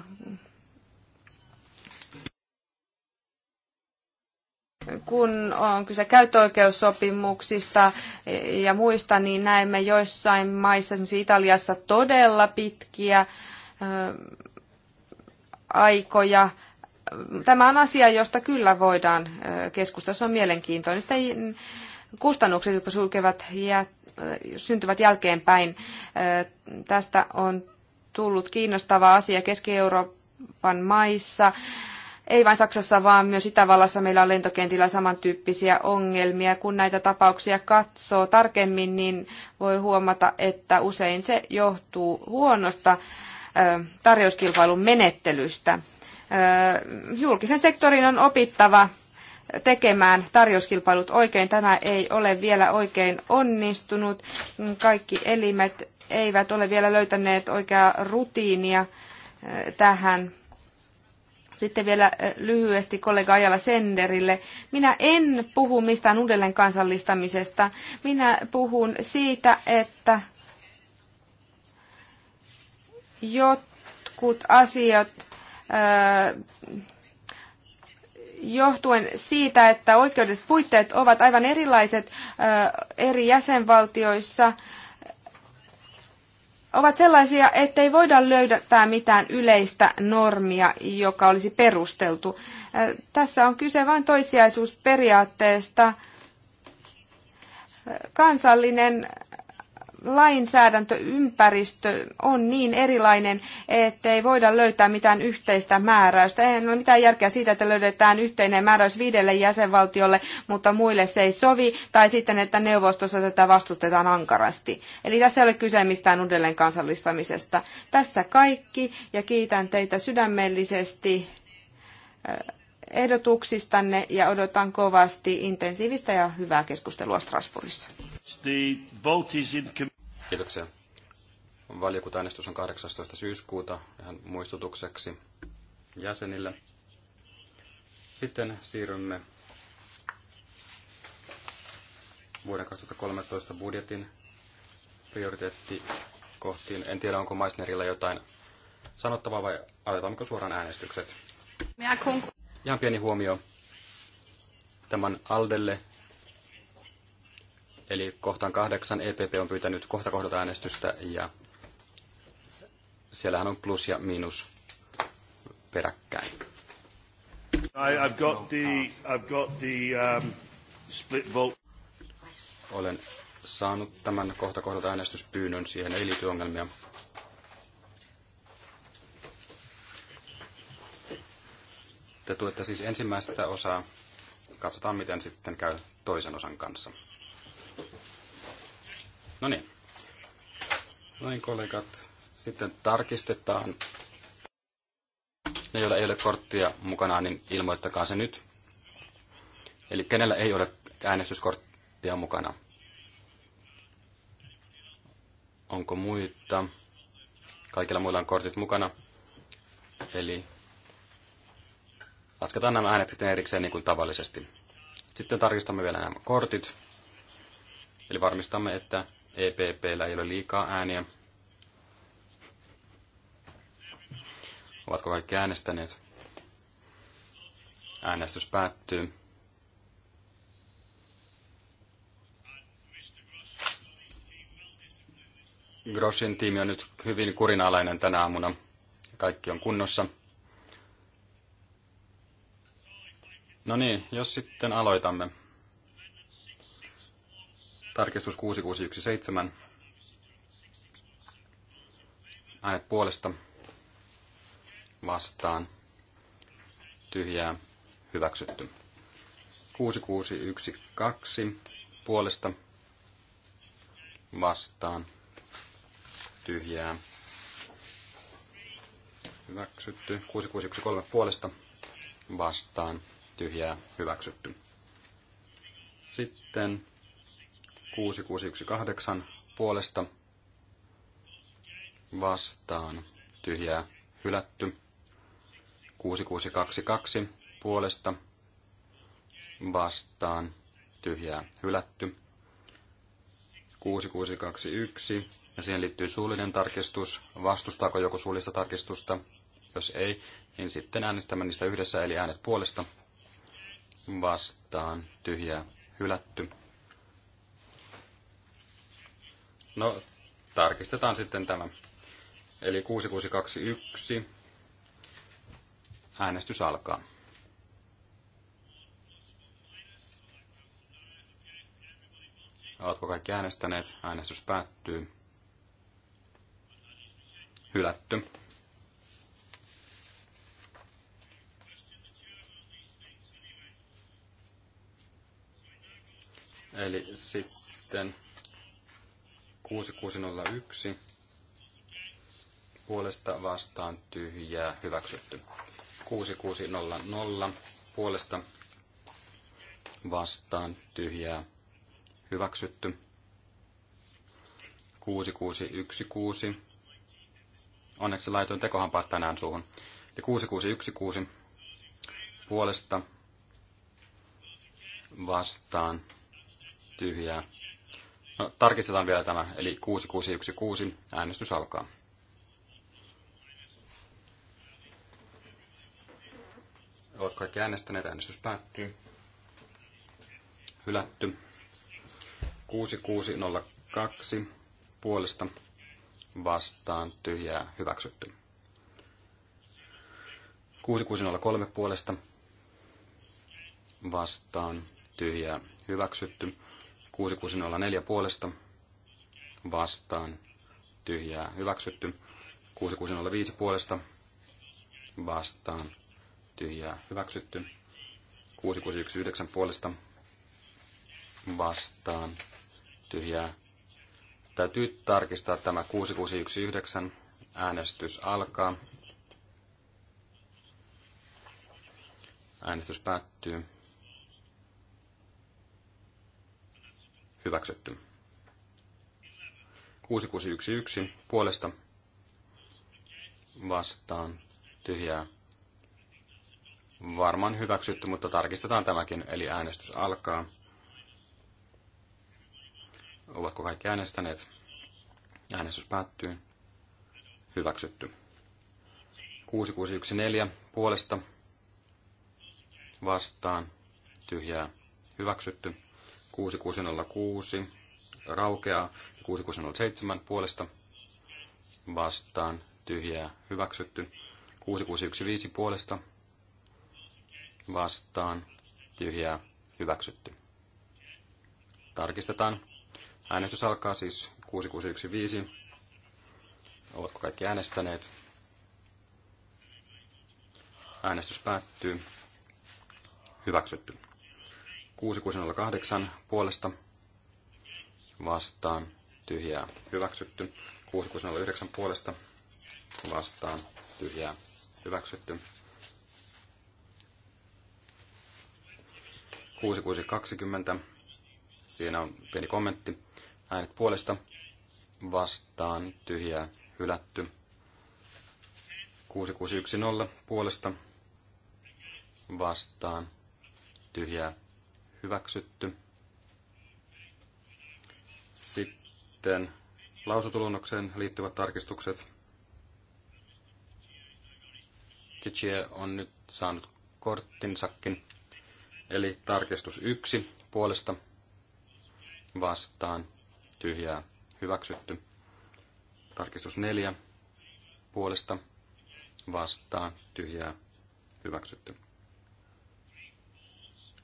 Speaker 1: kun on kyse käyttöoikeussopimuksista ja muista, niin näemme joissain maissa, esimerkiksi Italiassa, todella pitkiä aikoja. Tämä on asia, josta kyllä voidaan keskustella. Se on mielenkiintoinen. Sitten kustannukset, jotka sulkevat ja syntyvät jälkeenpäin. Tästä on tullut kiinnostava asia Keski-Euroopan maissa ei vain Saksassa, vaan myös Itävallassa meillä on lentokentillä samantyyppisiä ongelmia. Kun näitä tapauksia katsoo tarkemmin, niin voi huomata, että usein se johtuu huonosta tarjouskilpailun menettelystä. Julkisen sektorin on opittava tekemään tarjouskilpailut oikein. Tämä ei ole vielä oikein onnistunut. Kaikki elimet eivät ole vielä löytäneet oikeaa rutiinia tähän sitten vielä lyhyesti kollega Ajala Senderille. Minä en puhu mistään uudelleen kansallistamisesta. Minä puhun siitä, että jotkut asiat johtuen siitä, että oikeudelliset puitteet ovat aivan erilaiset eri jäsenvaltioissa – ovat sellaisia, ettei voida löydättää mitään yleistä normia, joka olisi perusteltu. Äh, tässä on kyse vain toissijaisuusperiaatteesta. Äh, kansallinen lainsäädäntöympäristö on niin erilainen, ettei voida löytää mitään yhteistä määräystä. Ei ole mitään järkeä siitä, että löydetään yhteinen määräys viidelle jäsenvaltiolle, mutta muille se ei sovi, tai sitten, että neuvostossa tätä vastustetaan ankarasti. Eli tässä ei ole kyse mistään uudelleen kansallistamisesta. Tässä kaikki, ja kiitän teitä sydämellisesti eh, ehdotuksistanne ja odotan kovasti intensiivistä ja hyvää keskustelua Strasbourgissa.
Speaker 2: The vote Kiitoksia. Valiokuntaäänestys on 18. syyskuuta ihan muistutukseksi jäsenille. Sitten siirrymme vuoden 2013 budjetin prioriteetti kohtiin. En tiedä, onko Maisnerilla jotain sanottavaa vai aloitammeko suoraan äänestykset? Ihan pieni huomio tämän Aldelle Eli kohtaan kahdeksan EPP on pyytänyt kohta kohdalta äänestystä ja siellähän on plus ja miinus peräkkäin. I, I've got the, I've got the um, split vote. Olen saanut tämän kohta kohdalta äänestyspyynnön, siihen ei liity ongelmia. Te tuette siis ensimmäistä osaa. Katsotaan, miten sitten käy toisen osan kanssa. No niin. Noin niin, kollegat. Sitten tarkistetaan. Ne, joilla ei ole korttia mukana, niin ilmoittakaa se nyt. Eli kenellä ei ole äänestyskorttia mukana? Onko muita? Kaikilla muilla on kortit mukana. Eli lasketaan nämä äänet sitten erikseen niin kuin tavallisesti. Sitten tarkistamme vielä nämä kortit. Eli varmistamme, että EPPllä ei ole liikaa ääniä. Ovatko kaikki äänestäneet? Äänestys päättyy. Grossin tiimi on nyt hyvin kurinalainen tänä aamuna. Kaikki on kunnossa. No niin, jos sitten aloitamme. Tarkistus 6617. Äänet puolesta vastaan tyhjää hyväksytty. 6612 puolesta vastaan tyhjää hyväksytty. 6613 puolesta vastaan tyhjää hyväksytty. Sitten 6618 puolesta vastaan tyhjää hylätty. 6622 puolesta vastaan tyhjää hylätty. 6621 ja siihen liittyy suullinen tarkistus. Vastustaako joku suullista tarkistusta? Jos ei, niin sitten äänestämme niistä yhdessä, eli äänet puolesta vastaan tyhjää hylätty. No, tarkistetaan sitten tämä. Eli 6621. Äänestys alkaa. Oletko kaikki äänestäneet? Äänestys päättyy. Hylätty. Eli sitten 6601 puolesta vastaan tyhjää hyväksytty. 6600 puolesta vastaan tyhjää hyväksytty. 6616 onneksi laitoin tekohampaat tänään suuhun. Eli 6616 puolesta vastaan tyhjää No, tarkistetaan vielä tämä, eli 6616, äänestys alkaa. Olet kaikki äänestäneet, äänestys päättyy. Hylätty. 6602 puolesta vastaan tyhjää hyväksytty. 6603 puolesta vastaan tyhjää hyväksytty. 6604 puolesta vastaan tyhjää hyväksytty. 6605 puolesta vastaan tyhjää hyväksytty. 6619 puolesta vastaan tyhjää. Täytyy tarkistaa tämä 6619. Äänestys alkaa. Äänestys päättyy. hyväksytty. 6611 puolesta vastaan tyhjää. Varmaan hyväksytty, mutta tarkistetaan tämäkin, eli äänestys alkaa. Ovatko kaikki äänestäneet? Äänestys päättyy. Hyväksytty. 6614 puolesta vastaan tyhjää hyväksytty. 6606 raukeaa, 6607 puolesta vastaan, tyhjää hyväksytty, 6615 puolesta vastaan, tyhjää hyväksytty. Tarkistetaan. Äänestys alkaa siis 6615. Ovatko kaikki äänestäneet? Äänestys päättyy. Hyväksytty. 6608 puolesta vastaan tyhjää hyväksytty. 6609 puolesta vastaan tyhjää hyväksytty. 6620. Siinä on pieni kommentti. Äänet puolesta vastaan tyhjää hylätty. 6610 puolesta vastaan tyhjää hyväksytty. Sitten lausutulonnokseen liittyvät tarkistukset. Kitsie on nyt saanut korttinsakin. Eli tarkistus yksi puolesta vastaan tyhjää hyväksytty. Tarkistus neljä puolesta vastaan tyhjää hyväksytty.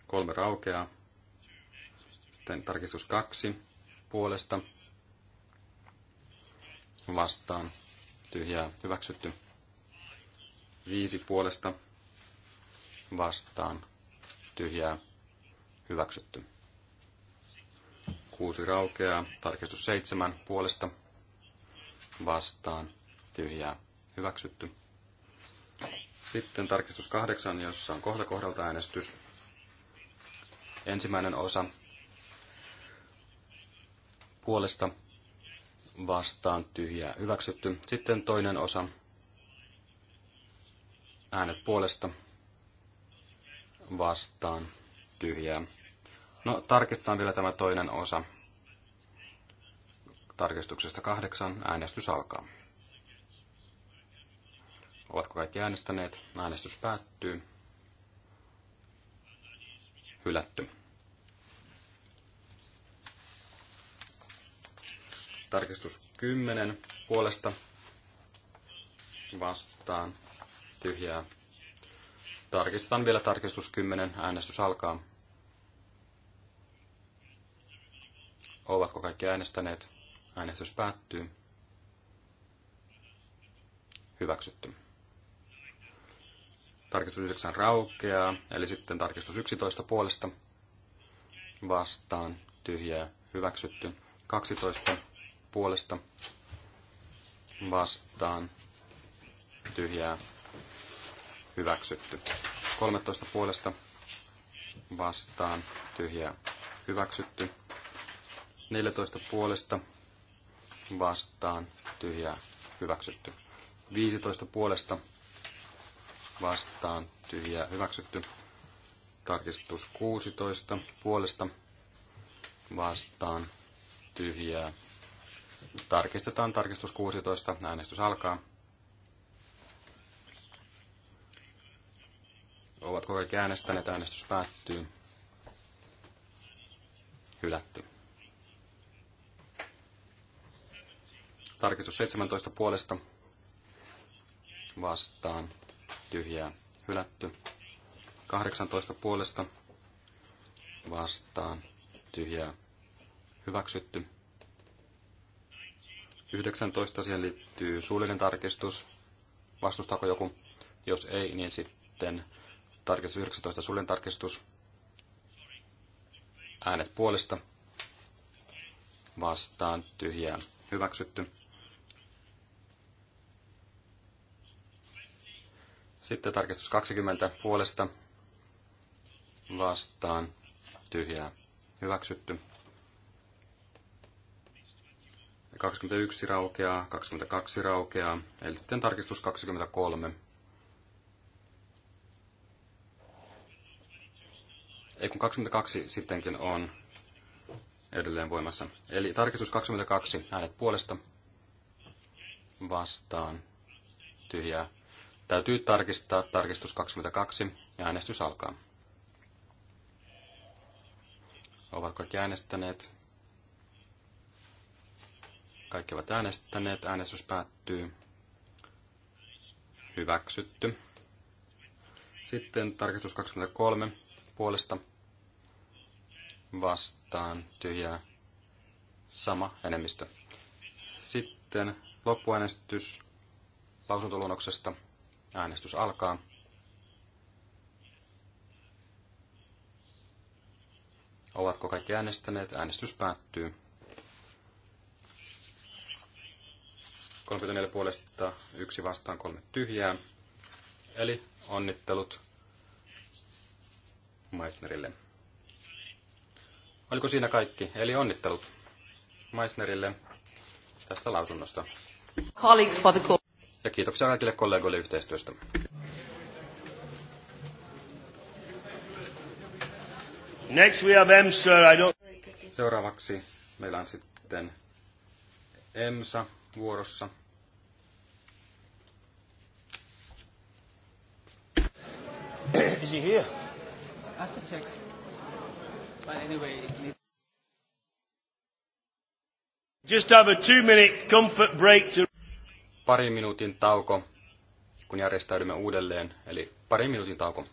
Speaker 2: Kolme raukeaa. Sitten tarkistus kaksi puolesta vastaan. Tyhjää hyväksytty. Viisi puolesta vastaan. Tyhjää hyväksytty. Kuusi raukeaa. Tarkistus seitsemän puolesta vastaan. Tyhjää hyväksytty. Sitten tarkistus kahdeksan, jossa on kohta kohdalta äänestys. Ensimmäinen osa puolesta vastaan tyhjää hyväksytty. Sitten toinen osa äänet puolesta vastaan tyhjää. No tarkistetaan vielä tämä toinen osa. Tarkistuksesta kahdeksan äänestys alkaa. Ovatko kaikki äänestäneet? Äänestys päättyy. Hylätty. Tarkistus 10 puolesta vastaan tyhjää. Tarkistetaan vielä tarkistus 10. Äänestys alkaa. Ovatko kaikki äänestäneet? Äänestys päättyy. Hyväksytty. Tarkistus 9 raukeaa, eli sitten tarkistus 11 puolesta vastaan tyhjää hyväksytty. 12 puolesta vastaan tyhjää hyväksytty. 13 puolesta vastaan tyhjää hyväksytty. 14 puolesta vastaan tyhjää hyväksytty. 15 puolesta vastaan tyhjää hyväksytty. Tarkistus 16 puolesta vastaan tyhjää Tarkistetaan tarkistus 16. Äänestys alkaa. Ovatko kaikki äänestäneet? Äänestys päättyy. Hylätty. Tarkistus 17 puolesta vastaan tyhjää hylätty. 18 puolesta vastaan tyhjää hyväksytty. 19, siihen liittyy suullinen tarkistus. Vastustaako joku? Jos ei, niin sitten tarkistus 19, suullinen tarkistus. Äänet puolesta. Vastaan tyhjään. Hyväksytty. Sitten tarkistus 20 puolesta vastaan tyhjää hyväksytty. 21 raukeaa, 22 raukeaa, eli sitten tarkistus 23. Ei kun 22 sittenkin on edelleen voimassa. Eli tarkistus 22, äänet puolesta, vastaan, tyhjää. Täytyy tarkistaa tarkistus 22 ja äänestys alkaa. Ovatko kaikki äänestäneet? Kaikki ovat äänestäneet. Äänestys päättyy. Hyväksytty. Sitten tarkistus 23 puolesta vastaan tyhjää sama enemmistö. Sitten loppuäänestys lausuntoluonnoksesta. Äänestys alkaa. Ovatko kaikki äänestäneet? Äänestys päättyy. 34 puolesta, yksi vastaan, kolme tyhjää. Eli onnittelut Meissnerille. Oliko siinä kaikki? Eli onnittelut Meissnerille tästä lausunnosta. Ja kiitoksia kaikille kollegoille yhteistyöstä. Next we have EMSA. I don't... Seuraavaksi meillä on sitten EMSA vuorossa. Is he here? I have to check. But anyway, Just have a two minute comfort break to... Pari minuutin tauko, kun järjestäydymme uudelleen, eli pari minuutin tauko.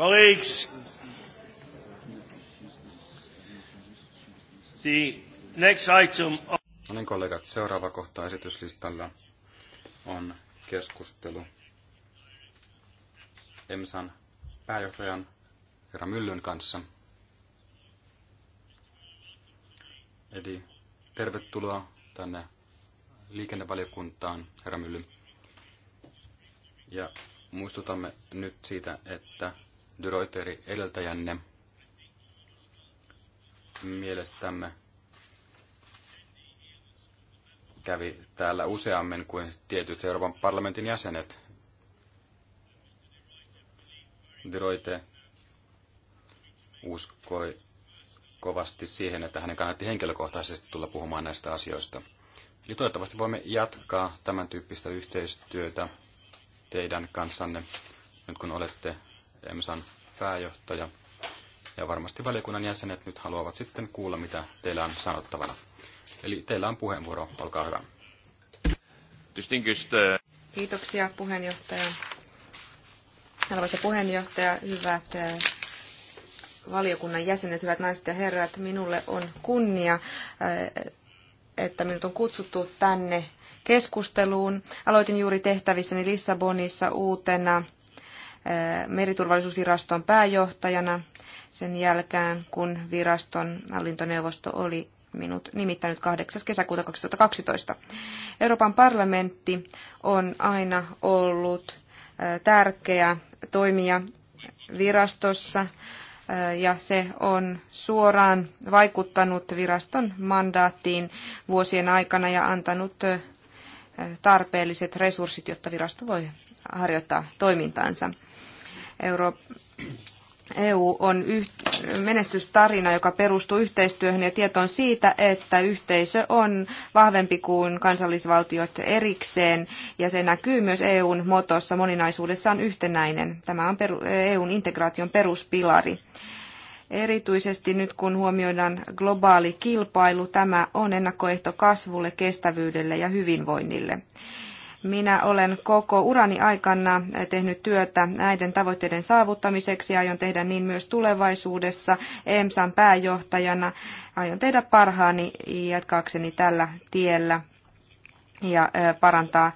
Speaker 2: Colleagues, the next item No niin, kollegat, seuraava kohta esityslistalla on keskustelu EMSAn pääjohtajan herra Myllyn kanssa. Eli tervetuloa tänne liikennevaliokuntaan, herra Mylly. Ja muistutamme nyt siitä, että Dyroiteri edeltäjänne. Mielestämme kävi täällä useammin kuin tietyt Euroopan parlamentin jäsenet. Dyroite uskoi kovasti siihen, että hänen kannatti henkilökohtaisesti tulla puhumaan näistä asioista. Eli toivottavasti voimme jatkaa tämän tyyppistä yhteistyötä teidän kanssanne, nyt kun olette EMSAn pääjohtaja. Ja varmasti valiokunnan jäsenet nyt haluavat sitten kuulla, mitä teillä on sanottavana. Eli teillä on puheenvuoro, olkaa hyvä. Uh,
Speaker 1: Kiitoksia puheenjohtaja. Arvoisa puheenjohtaja, hyvät uh, valiokunnan jäsenet, hyvät naiset ja herrat, minulle on kunnia, uh, että minut on kutsuttu tänne keskusteluun. Aloitin juuri tehtävissäni Lissabonissa uutena meriturvallisuusviraston pääjohtajana sen jälkeen, kun viraston hallintoneuvosto oli minut nimittänyt 8. kesäkuuta 2012. Euroopan parlamentti on aina ollut tärkeä toimija virastossa ja se on suoraan vaikuttanut viraston mandaattiin vuosien aikana ja antanut tarpeelliset resurssit, jotta virasto voi harjoittaa toimintaansa. Euro- EU on menestystarina, joka perustuu yhteistyöhön ja tietoon siitä, että yhteisö on vahvempi kuin kansallisvaltiot erikseen, ja se näkyy myös EUn motossa moninaisuudessaan yhtenäinen. Tämä on EUn integraation peruspilari. Erityisesti nyt kun huomioidaan globaali kilpailu, tämä on ennakkoehto kasvulle, kestävyydelle ja hyvinvoinnille. Minä olen koko urani aikana tehnyt työtä näiden tavoitteiden saavuttamiseksi ja aion tehdä niin myös tulevaisuudessa EMSAn pääjohtajana. Aion tehdä parhaani jatkaakseni tällä tiellä ja parantaa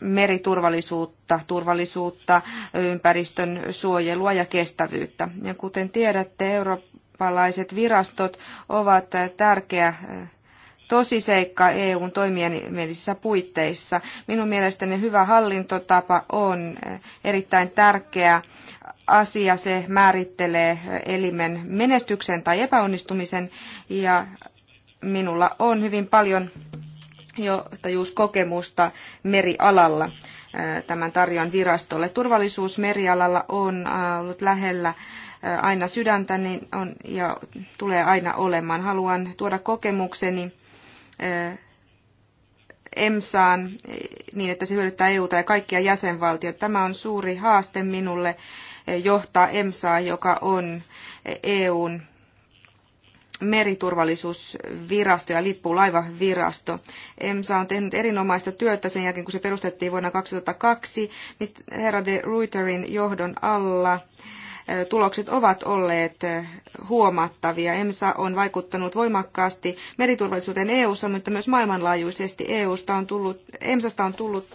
Speaker 1: meriturvallisuutta, turvallisuutta, ympäristön suojelua ja kestävyyttä. Ja kuten tiedätte, eurooppalaiset virastot ovat tärkeä tosiseikka EUn toimielimellisissä puitteissa. Minun mielestäni hyvä hallintotapa on eh, erittäin tärkeä asia. Se määrittelee eh, elimen menestyksen tai epäonnistumisen ja minulla on hyvin paljon johtajuuskokemusta merialalla. Eh, tämän tarjoan virastolle. Turvallisuus merialalla on ollut lähellä aina sydäntäni niin ja tulee aina olemaan. Haluan tuoda kokemukseni EMSAan niin, että se hyödyttää EUta ja kaikkia jäsenvaltioita. Tämä on suuri haaste minulle johtaa EMSAa, joka on EUn meriturvallisuusvirasto ja lippulaivavirasto. EMSA on tehnyt erinomaista työtä sen jälkeen, kun se perustettiin vuonna 2002 mistä herra de Reuterin johdon alla tulokset ovat olleet huomattavia. EMSA on vaikuttanut voimakkaasti meriturvallisuuteen EU-ssa, mutta myös maailmanlaajuisesti EUsta on tullut, EMSAsta on tullut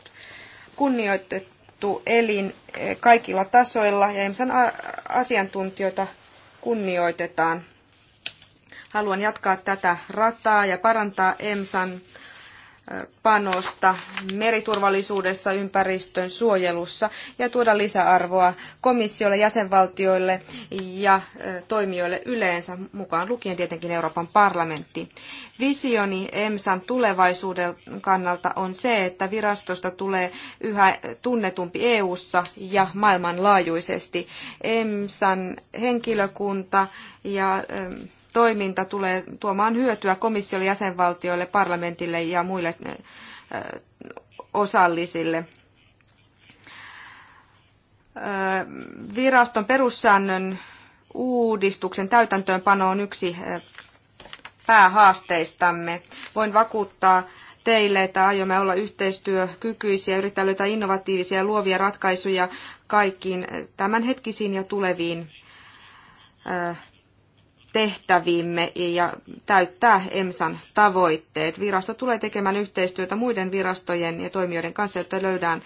Speaker 1: kunnioitettu elin kaikilla tasoilla ja EMSAn asiantuntijoita kunnioitetaan. Haluan jatkaa tätä rataa ja parantaa EMSAn panosta meriturvallisuudessa, ympäristön suojelussa ja tuoda lisäarvoa komissiolle, jäsenvaltioille ja toimijoille yleensä, mukaan lukien tietenkin Euroopan parlamentti. Visioni EMSAn tulevaisuuden kannalta on se, että virastosta tulee yhä tunnetumpi EU-ssa ja maailmanlaajuisesti. EMSAn henkilökunta ja toiminta tulee tuomaan hyötyä komissiolle, jäsenvaltioille, parlamentille ja muille äh, osallisille. Äh, viraston perussäännön uudistuksen täytäntöönpano on yksi äh, päähaasteistamme. Voin vakuuttaa teille, että aiomme olla yhteistyökykyisiä, yrittää löytää innovatiivisia ja luovia ratkaisuja kaikkiin tämänhetkisiin ja tuleviin tehtäviimme ja täyttää EMSAn tavoitteet. Virasto tulee tekemään yhteistyötä muiden virastojen ja toimijoiden kanssa, jotta löydään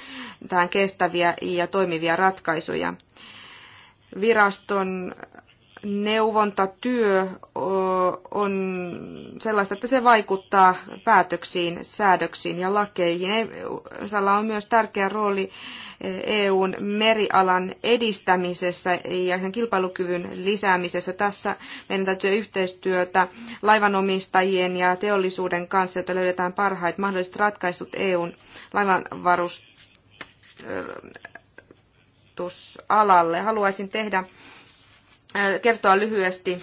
Speaker 1: tähän kestäviä ja toimivia ratkaisuja. Viraston neuvontatyö on sellaista, että se vaikuttaa päätöksiin, säädöksiin ja lakeihin. EMSAlla on myös tärkeä rooli EUn merialan edistämisessä ja sen kilpailukyvyn lisäämisessä. Tässä meidän täytyy yhteistyötä laivanomistajien ja teollisuuden kanssa, jotta löydetään parhaat mahdolliset ratkaisut EUn laivanvarustusalalle. Haluaisin tehdä äh, kertoa lyhyesti äh,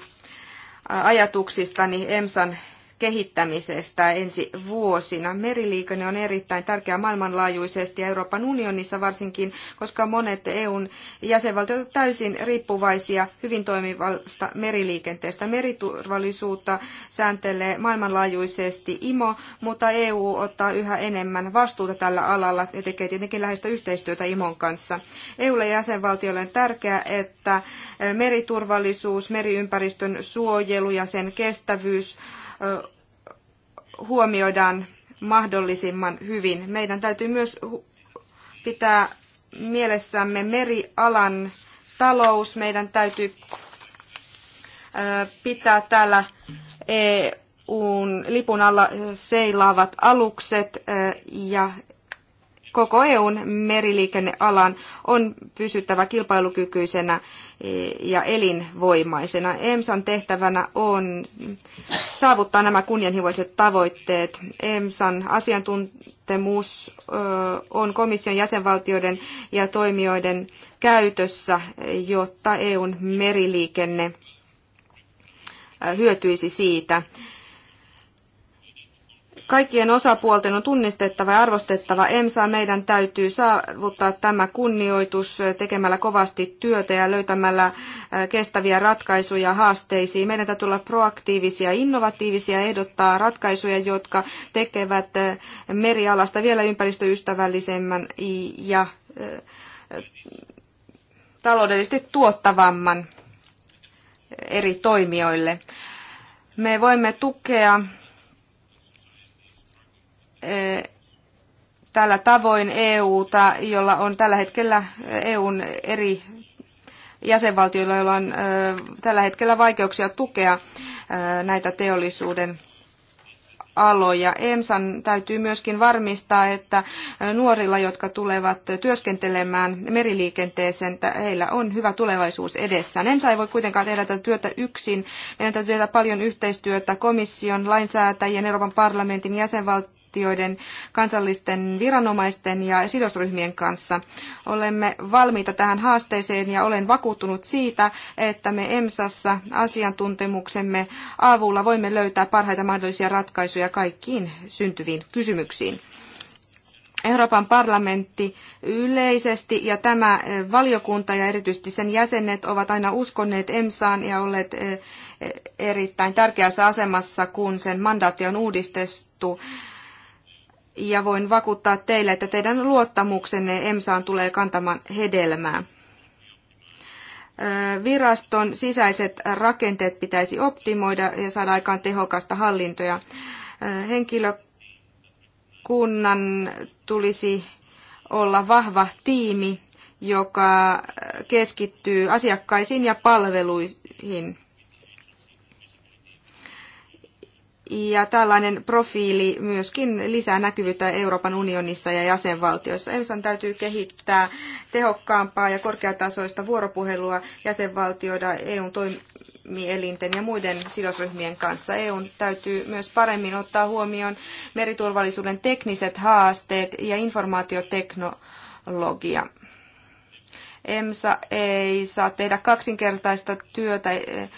Speaker 1: ajatuksistani EMSAn kehittämisestä ensi vuosina. Meriliikenne on erittäin tärkeä maailmanlaajuisesti ja Euroopan unionissa varsinkin, koska monet EUn jäsenvaltiot ovat täysin riippuvaisia hyvin toimivasta meriliikenteestä. Meriturvallisuutta sääntelee maailmanlaajuisesti IMO, mutta EU ottaa yhä enemmän vastuuta tällä alalla ja tekee tietenkin läheistä yhteistyötä IMOn kanssa. EUlle jäsenvaltiolle on tärkeää, että meriturvallisuus, meriympäristön suojelu ja sen kestävyys huomioidaan mahdollisimman hyvin. Meidän täytyy myös pitää mielessämme merialan talous. Meidän täytyy pitää täällä EUn lipun alla seilaavat alukset ja koko EUn meriliikennealan on pysyttävä kilpailukykyisenä Eh, ja elinvoimaisena. EMSAn tehtävänä on saavuttaa nämä kunnianhimoiset tavoitteet. EMSAn asiantuntemus on komission jäsenvaltioiden ja toimijoiden käytössä, jotta EUn meriliikenne hyötyisi siitä. Kaikkien osapuolten on tunnistettava ja arvostettava EMSA. Meidän täytyy saavuttaa tämä kunnioitus tekemällä kovasti työtä ja löytämällä äh, kestäviä ratkaisuja haasteisiin. Meidän täytyy olla proaktiivisia, innovatiivisia, ehdottaa ratkaisuja, jotka tekevät äh, merialasta vielä ympäristöystävällisemmän ja äh, taloudellisesti tuottavamman eri toimijoille. Me voimme tukea tällä tavoin EUta, jolla on tällä hetkellä EUn eri jäsenvaltioilla, joilla on tällä hetkellä vaikeuksia tukea näitä teollisuuden aloja. EMSAn täytyy myöskin varmistaa, että nuorilla, jotka tulevat työskentelemään meriliikenteeseen, että heillä on hyvä tulevaisuus edessään. EMSA ei voi kuitenkaan tehdä tätä työtä yksin. Meidän täytyy tehdä paljon yhteistyötä komission, lainsäätäjien, Euroopan parlamentin, jäsenvaltioiden jäsenvaltioiden, kansallisten viranomaisten ja sidosryhmien kanssa. Olemme valmiita tähän haasteeseen ja olen vakuuttunut siitä, että me EMSassa asiantuntemuksemme avulla voimme löytää parhaita mahdollisia ratkaisuja kaikkiin syntyviin kysymyksiin. Euroopan parlamentti yleisesti ja tämä eh, valiokunta ja erityisesti sen jäsenet ovat aina uskonneet EMSAan ja olleet eh, eh, erittäin tärkeässä asemassa, kun sen mandaatti on uudistettu ja voin vakuuttaa teille, että teidän luottamuksenne EMSAan tulee kantamaan hedelmää. Viraston sisäiset rakenteet pitäisi optimoida ja saada aikaan tehokasta hallintoja. Henkilökunnan tulisi olla vahva tiimi, joka keskittyy asiakkaisiin ja palveluihin. Ja tällainen profiili myöskin lisää näkyvyyttä Euroopan unionissa ja jäsenvaltioissa. EUSAN täytyy kehittää tehokkaampaa ja korkeatasoista vuoropuhelua jäsenvaltioida EUn toimielinten ja muiden sidosryhmien kanssa. EUn täytyy myös paremmin ottaa huomioon meriturvallisuuden tekniset haasteet ja informaatioteknologia. EMSA ei saa tehdä kaksinkertaista työtä e, e,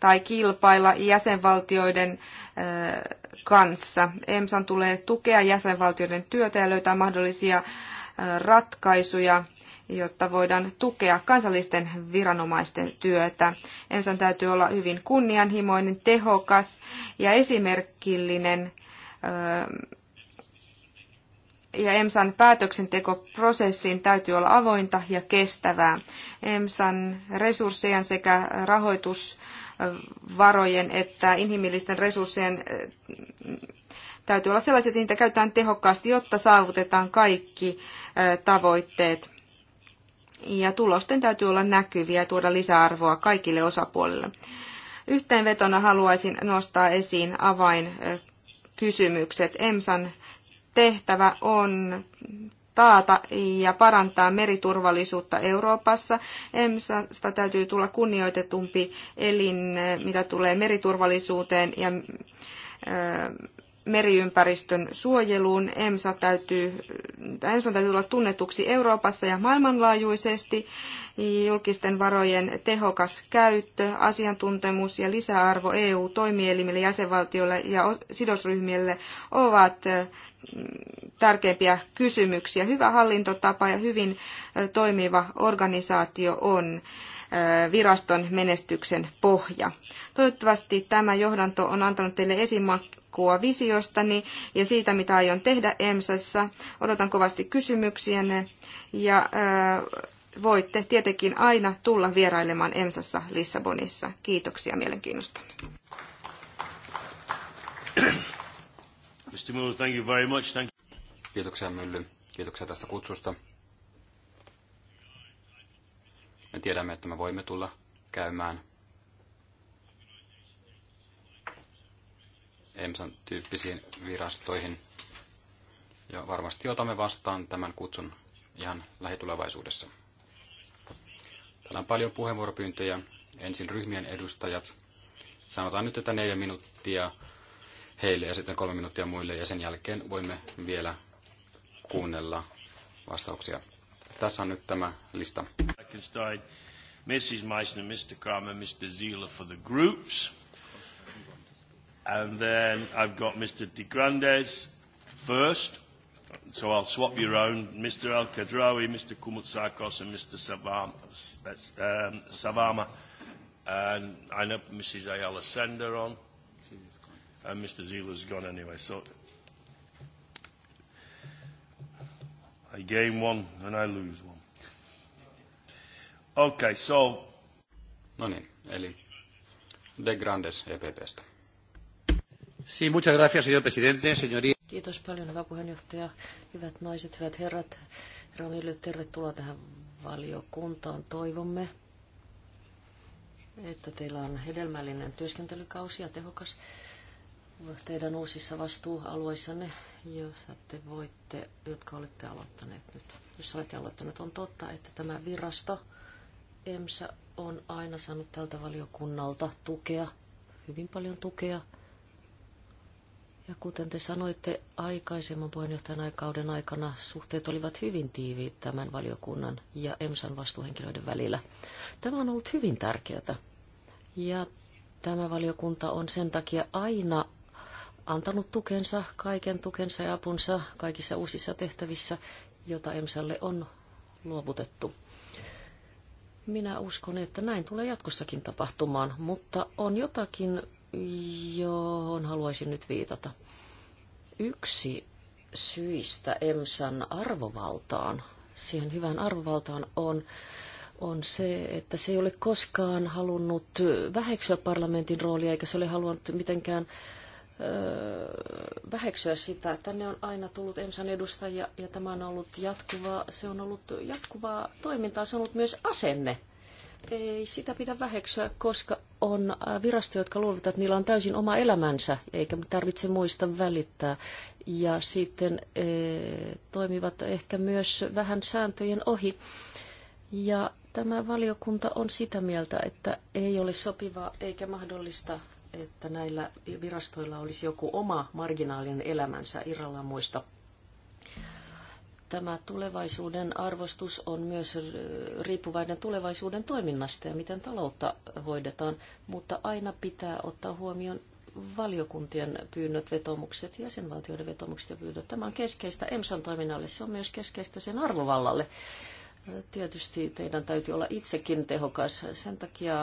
Speaker 1: tai kilpailla jäsenvaltioiden kanssa. EMSAN tulee tukea jäsenvaltioiden työtä ja löytää mahdollisia ratkaisuja, jotta voidaan tukea kansallisten viranomaisten työtä. EMSAN täytyy olla hyvin kunnianhimoinen, tehokas ja esimerkillinen ja EMSAn päätöksentekoprosessin täytyy olla avointa ja kestävää. EMSAn resurssien sekä rahoitus varojen että inhimillisten resurssien eh, täytyy olla sellaiset, että niitä käytetään tehokkaasti, jotta saavutetaan kaikki eh, tavoitteet. Ja tulosten täytyy olla näkyviä ja tuoda lisäarvoa kaikille osapuolille. Yhteenvetona haluaisin nostaa esiin avainkysymykset. Eh, EMSAn tehtävä on taata ja parantaa meriturvallisuutta Euroopassa. EMSasta täytyy tulla kunnioitetumpi elin, eh, mitä tulee meriturvallisuuteen ja eh, meriympäristön suojeluun. EMSA täytyy, EMSA täytyy olla tunnetuksi Euroopassa ja maailmanlaajuisesti. Julkisten varojen tehokas käyttö, asiantuntemus ja lisäarvo EU-toimielimille, jäsenvaltioille ja sidosryhmille ovat tärkeimpiä kysymyksiä. Hyvä hallintotapa ja hyvin toimiva organisaatio on Äh, viraston menestyksen pohja. Toivottavasti tämä johdanto on antanut teille esimakua visiostani ja siitä, mitä aion tehdä EMSassa. Odotan kovasti kysymyksiänne ja äh, voitte tietenkin aina tulla vierailemaan EMSassa Lissabonissa. Kiitoksia mielenkiinnosta.
Speaker 2: Mr. Muller, thank you very much. Thank you. Kiitoksia Mylly. Kiitoksia tästä kutsusta. Me tiedämme, että me voimme tulla käymään EMSAn tyyppisiin virastoihin. Ja varmasti otamme vastaan tämän kutsun ihan lähitulevaisuudessa. Täällä on paljon puheenvuoropyyntöjä. Ensin ryhmien edustajat. Sanotaan nyt, että neljä minuuttia heille ja sitten kolme minuuttia muille. Ja sen jälkeen voimme vielä kuunnella vastauksia. Tässä on nyt tämä lista. Mrs.
Speaker 1: Meissner, Mr. Kramer,
Speaker 2: Mr. Zila for the
Speaker 1: groups. And then I've got Mr. De Grandes first. So I'll swap you around. Mr. El Kadrawi, Mr. Kumutsakos, and Mr. Savama. That's, um, Savama. And I know Mrs. Ayala Sender on. And Mr. Zila's gone anyway. So
Speaker 2: I gain one and I lose one. Okay, so... No niin, eli De Grandes EPPstä. Sí, muchas gracias, señor presidente, señoría.
Speaker 3: Kiitos paljon, hyvä puheenjohtaja. Hyvät naiset, hyvät herrat. Ramille, tervetuloa tähän valiokuntaan. Toivomme, että teillä on hedelmällinen työskentelykausi ja tehokas teidän uusissa vastuualueissanne jossa te voitte, jotka olette aloittaneet nyt, jos olette aloittaneet, on totta, että tämä virasto EMSA on aina saanut tältä valiokunnalta tukea, hyvin paljon tukea. Ja kuten te sanoitte aikaisemman puheenjohtajan aikauden aikana, suhteet olivat hyvin tiiviit tämän valiokunnan ja EMSAn vastuuhenkilöiden välillä. Tämä on ollut hyvin tärkeää. Ja tämä valiokunta on sen takia aina antanut tukensa, kaiken tukensa ja apunsa kaikissa uusissa tehtävissä, joita EMSAlle on luovutettu. Minä uskon, että näin tulee jatkossakin tapahtumaan, mutta on jotakin, johon haluaisin nyt viitata. Yksi syistä EMSAn arvovaltaan, siihen hyvään arvovaltaan on, on se, että se ei ole koskaan halunnut väheksyä parlamentin roolia, eikä se ole halunnut mitenkään äh, väheksyä sitä. Tänne on aina tullut EMSAn edustajia ja tämä on ollut jatkuvaa, se on ollut jatkuvaa toimintaa, se on ollut myös asenne. Ei sitä pidä väheksyä, koska on virastoja, jotka luulevat, että niillä on täysin oma elämänsä, eikä tarvitse muista välittää. Ja sitten e, toimivat ehkä myös vähän sääntöjen ohi. Ja tämä valiokunta on sitä mieltä, että ei ole sopivaa eikä mahdollista että näillä virastoilla olisi joku oma marginaalinen elämänsä irralla muista. Tämä tulevaisuuden arvostus on myös riippuvainen tulevaisuuden toiminnasta ja miten taloutta hoidetaan, mutta aina pitää ottaa huomioon valiokuntien pyynnöt, vetomukset, jäsenvaltioiden vetomukset ja pyynnöt. Tämä on keskeistä EMSAn toiminnalle, se on myös keskeistä sen arvovallalle. Tietysti teidän täytyy olla itsekin tehokas. Sen takia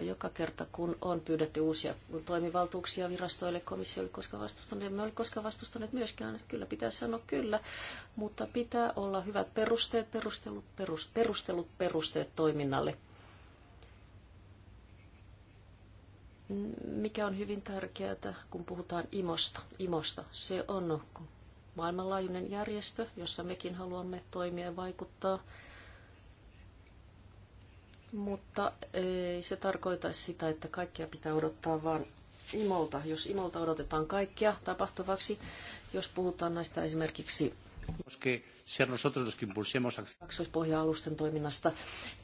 Speaker 3: joka kerta, kun on pyydetty uusia toimivaltuuksia virastoille, komissiolle, koska vastustanut, emme ole koskaan vastustaneet myöskään, että kyllä pitää sanoa kyllä, mutta pitää olla hyvät perusteet, perustelut, perus, perustelut perusteet toiminnalle. Mikä on hyvin tärkeää, kun puhutaan IMOsta. IMOsta. Se on maailmanlaajuinen järjestö, jossa mekin haluamme toimia ja vaikuttaa – mutta ei se tarkoita sitä, että kaikkia pitää odottaa vaan imolta. Jos imolta odotetaan kaikkia tapahtuvaksi, jos puhutaan näistä esimerkiksi kaksoispohja-alusten toiminnasta,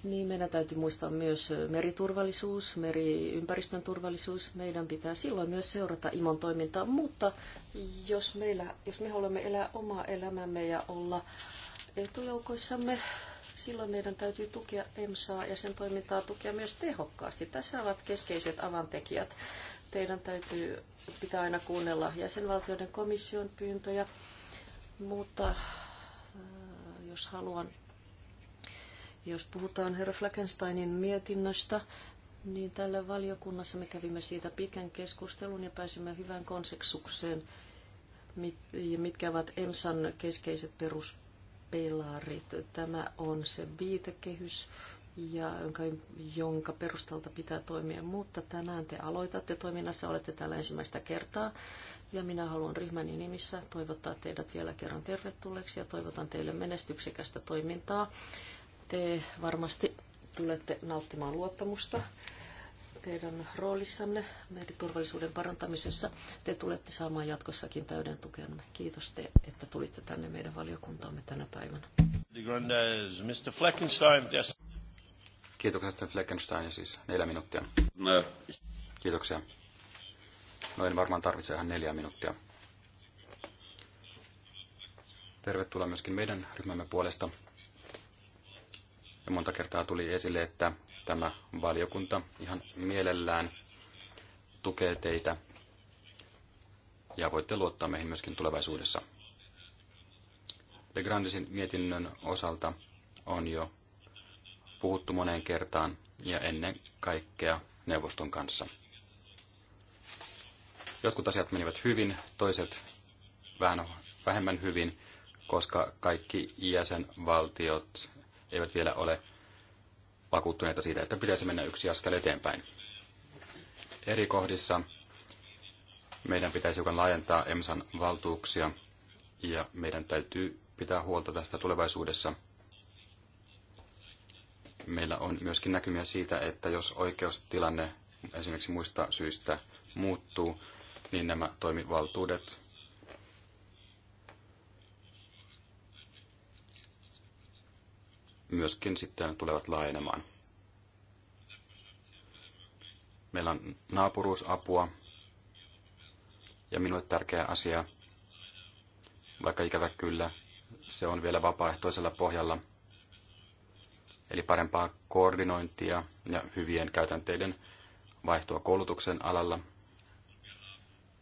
Speaker 3: niin meidän täytyy muistaa myös meriturvallisuus, meriympäristön turvallisuus. Meidän pitää silloin myös seurata imon toimintaa, mutta jos, meillä, jos me haluamme elää omaa elämämme ja olla etujoukoissamme, silloin meidän täytyy tukea EMSAa ja sen toimintaa tukea myös tehokkaasti. Tässä ovat keskeiset avantekijät. Teidän täytyy pitää aina kuunnella jäsenvaltioiden komission pyyntöjä, mutta äh, jos haluan, jos puhutaan herra Flakensteinin mietinnöstä, niin tällä valiokunnassa me kävimme siitä pitkän keskustelun ja pääsimme hyvään konseksukseen, mitkä ovat EMSAn keskeiset perus pilarit. Tämä on se viitekehys, ja jonka, jonka perustalta pitää toimia, mutta tänään te aloitatte toiminnassa, olette täällä ensimmäistä kertaa. Ja minä haluan ryhmäni nimissä toivottaa teidät vielä kerran tervetulleeksi ja toivotan teille menestyksekästä toimintaa. Te varmasti tulette nauttimaan luottamusta teidän roolissanne meidän turvallisuuden parantamisessa. Te tulette saamaan jatkossakin täyden tukenamme. Kiitos te, että tulitte tänne meidän valiokuntaamme tänä päivänä.
Speaker 2: Mr. Fleckenstein, yes. Kiitoksia Fleckenstein ja siis neljä minuuttia. No. Kiitoksia. No en varmaan tarvitse ihan neljä minuuttia. Tervetuloa myöskin meidän ryhmämme puolesta. Ja monta kertaa tuli esille, että tämä valiokunta ihan mielellään tukee teitä ja voitte luottaa meihin myöskin tulevaisuudessa. Legrandisin mietinnön osalta on jo puhuttu moneen kertaan ja ennen kaikkea neuvoston kanssa. Jotkut asiat menivät hyvin, toiset vähän vähemmän hyvin, koska kaikki jäsenvaltiot eivät vielä ole vakuuttuneita siitä, että pitäisi mennä yksi askel eteenpäin. Eri kohdissa meidän pitäisi hiukan laajentaa EMSAn valtuuksia ja meidän täytyy pitää huolta tästä tulevaisuudessa. Meillä on myöskin näkymiä siitä, että jos oikeustilanne esimerkiksi muista syistä muuttuu, niin nämä toimivaltuudet myöskin sitten tulevat laajenemaan. Meillä on naapuruusapua ja minulle tärkeä asia, vaikka ikävä kyllä, se on vielä vapaaehtoisella pohjalla, eli parempaa koordinointia ja hyvien käytänteiden vaihtoa koulutuksen alalla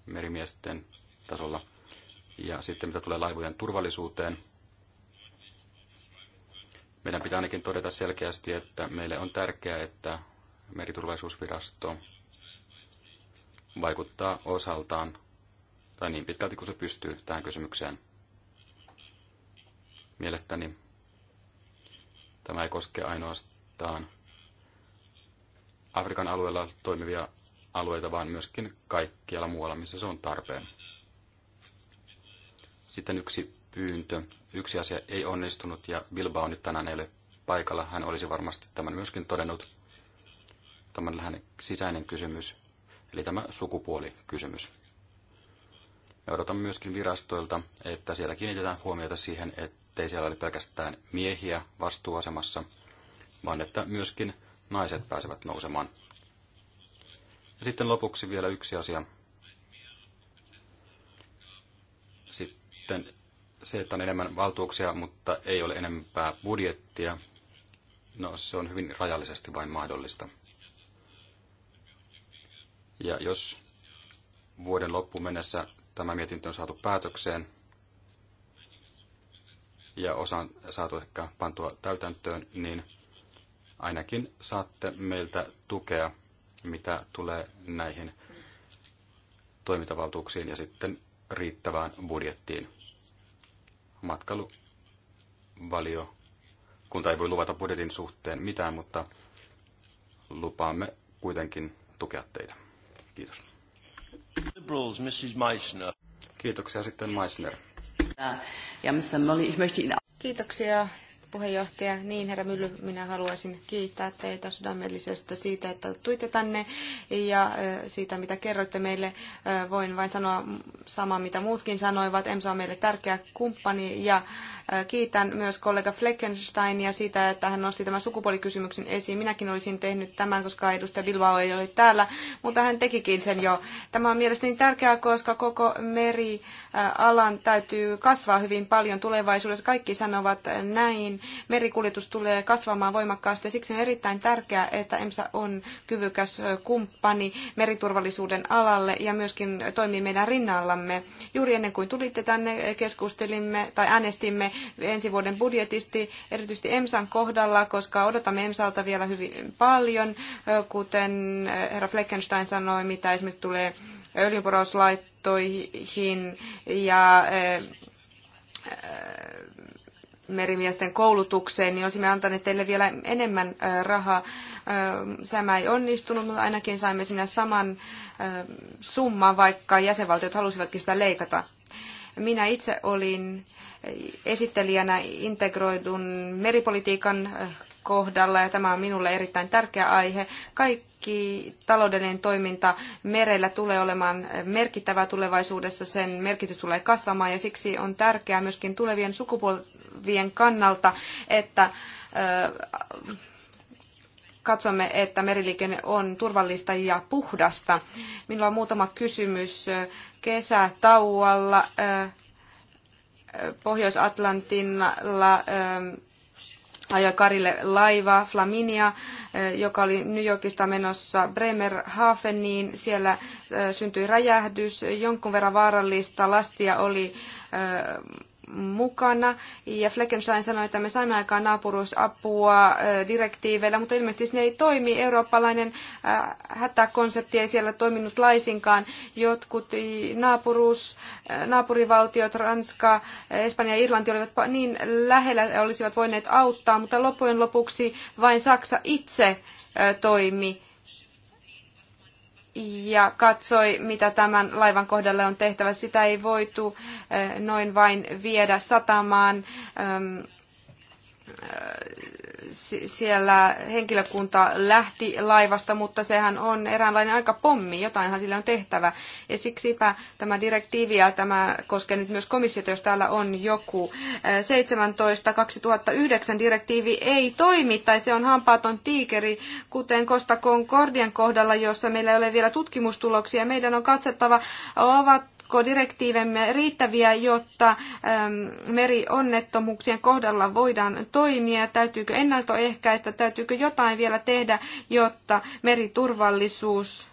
Speaker 2: merimiesten tasolla. Ja sitten mitä tulee laivojen turvallisuuteen, meidän pitää ainakin todeta selkeästi, että meille on tärkeää, että meriturvallisuusvirasto vaikuttaa osaltaan, tai niin pitkälti kuin se pystyy tähän kysymykseen. Mielestäni tämä ei koske ainoastaan Afrikan alueella toimivia alueita, vaan myöskin kaikkialla muualla, missä se on tarpeen. Sitten yksi pyyntö. Yksi asia ei onnistunut ja Bilbao nyt tänään ei ole paikalla. Hän olisi varmasti tämän myöskin todennut. Tämä on lähinnä sisäinen kysymys, eli tämä sukupuolikysymys. Me odotamme myöskin virastoilta, että siellä kiinnitetään huomiota siihen, ettei siellä ole pelkästään miehiä vastuuasemassa, vaan että myöskin naiset pääsevät nousemaan. Ja sitten lopuksi vielä yksi asia. Sitten se, että on enemmän valtuuksia, mutta ei ole enempää budjettia, no se on hyvin rajallisesti vain mahdollista. Ja jos vuoden loppuun mennessä tämä mietintö on saatu päätökseen ja osa on saatu ehkä pantua täytäntöön, niin ainakin saatte meiltä tukea, mitä tulee näihin toimintavaltuuksiin ja sitten riittävään budjettiin matkailuvalio, kunta ei voi luvata budjetin suhteen mitään, mutta lupaamme kuitenkin tukea teitä. Kiitos. Liberals, Mrs. Meissner. Kiitoksia sitten Meissner.
Speaker 1: Kiitoksia puheenjohtaja. Niin, herra Mylly, minä haluaisin kiittää teitä sydämellisestä siitä, että tuitte tänne ja siitä, mitä kerroitte meille. Voin vain sanoa samaa, mitä muutkin sanoivat. EMSA on meille tärkeä kumppani ja kiitän myös kollega Fleckensteinia siitä, että hän nosti tämän sukupuolikysymyksen esiin. Minäkin olisin tehnyt tämän, koska edustaja Bilbao ei ole täällä, mutta hän tekikin sen jo. Tämä on mielestäni tärkeää, koska koko merialan täytyy kasvaa hyvin paljon tulevaisuudessa. Kaikki sanovat näin, merikuljetus tulee kasvamaan voimakkaasti ja siksi on erittäin tärkeää, että EMSA on kyvykäs kumppani meriturvallisuuden alalle ja myöskin toimii meidän rinnallamme. Juuri ennen kuin tulitte tänne, e, keskustelimme tai äänestimme ensi vuoden budjetisti, erityisesti EMSAn kohdalla, koska odotamme EMSAlta vielä hyvin paljon, kuten herra Fleckenstein sanoi, mitä esimerkiksi tulee öljynporauslaitteisiin ja merimiesten koulutukseen, niin olisimme antaneet teille vielä enemmän rahaa. Tämä ei onnistunut, mutta ainakin saimme sinne saman summan, vaikka jäsenvaltiot halusivatkin sitä leikata. Minä itse olin esittelijänä integroidun meripolitiikan kohdalla, ja tämä on minulle erittäin tärkeä aihe. Kaikki taloudellinen toiminta merellä tulee olemaan merkittävää tulevaisuudessa, sen merkitys tulee kasvamaan, ja siksi on tärkeää myöskin tulevien sukupuolten olevien kannalta, että katsomme, että meriliikenne on turvallista ja puhdasta. Minulla on muutama kysymys kesätauolla Pohjois-Atlantilla ajoi Karille laiva Flaminia, joka oli New Yorkista menossa Bremerhaveniin. Siellä syntyi räjähdys, jonkun verran vaarallista lastia oli mukana. Ja Fleckenstein sanoi, että me saimme aikaan naapuruusapua äh, direktiiveillä, mutta ilmeisesti se ei toimi. Eurooppalainen äh, hätäkonsepti ei siellä toiminut laisinkaan. Jotkut naapuruus, äh, naapurivaltiot, Ranska, Espanja ja Irlanti olivat niin lähellä, että olisivat voineet auttaa, mutta loppujen lopuksi vain Saksa itse toimi ja katsoi, mitä tämän laivan kohdalle on tehtävä. Sitä ei voitu eh, noin vain viedä satamaan ehm, eh, siellä henkilökunta lähti laivasta, mutta sehän on eräänlainen aika pommi, jotainhan sillä on tehtävä. Ja siksipä tämä direktiivi ja tämä koskee nyt myös komissiota, jos täällä on joku 17 direktiivi ei toimi tai se on hampaaton tiikeri, kuten Costa Concordian kohdalla, jossa meillä ei ole vielä tutkimustuloksia. Meidän on katsettava, ovat ovatko direktiivemme riittäviä, jotta merionnettomuuksien kohdalla voidaan toimia, täytyykö ennaltoehkäistä, täytyykö jotain vielä tehdä, jotta meriturvallisuus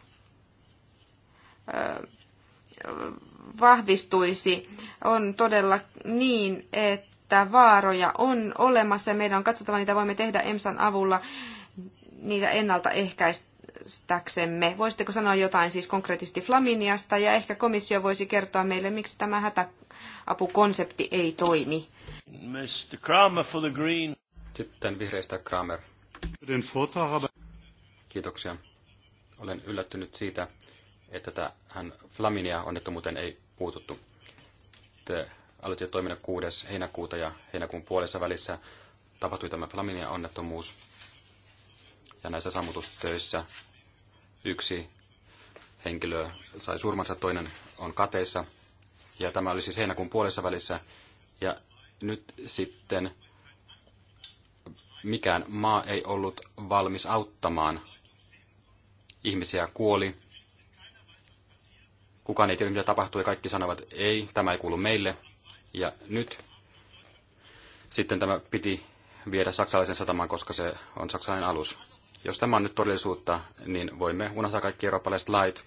Speaker 1: vahvistuisi. On todella niin, että vaaroja on olemassa ja meidän on katsottava, mitä voimme tehdä EMSAn avulla niitä ennaltaehkäistä ymmärtäksemme. Voisitteko sanoa jotain siis konkreettisesti Flaminiasta ja ehkä komissio voisi kertoa meille, miksi tämä hätäapukonsepti ei toimi?
Speaker 2: Mr. Kramer for the green. Sitten vihreistä Kramer. Kiitoksia. Olen yllättynyt siitä, että tähän Flaminia onnettomuuteen ei puututtu. Te aloitti toiminnan 6. heinäkuuta ja heinäkuun puolessa välissä tapahtui tämä Flaminia onnettomuus. Ja näissä sammutustöissä yksi henkilö sai surmansa, toinen on kateissa. Ja tämä oli siis heinäkuun puolessa välissä. Ja nyt sitten mikään maa ei ollut valmis auttamaan. Ihmisiä kuoli. Kukaan ei tiedä, mitä tapahtui. Kaikki sanovat, ei, tämä ei kuulu meille. Ja nyt sitten tämä piti viedä saksalaisen satamaan, koska se on saksalainen alus. Jos tämä on nyt todellisuutta, niin voimme unohtaa kaikki eurooppalaiset lait,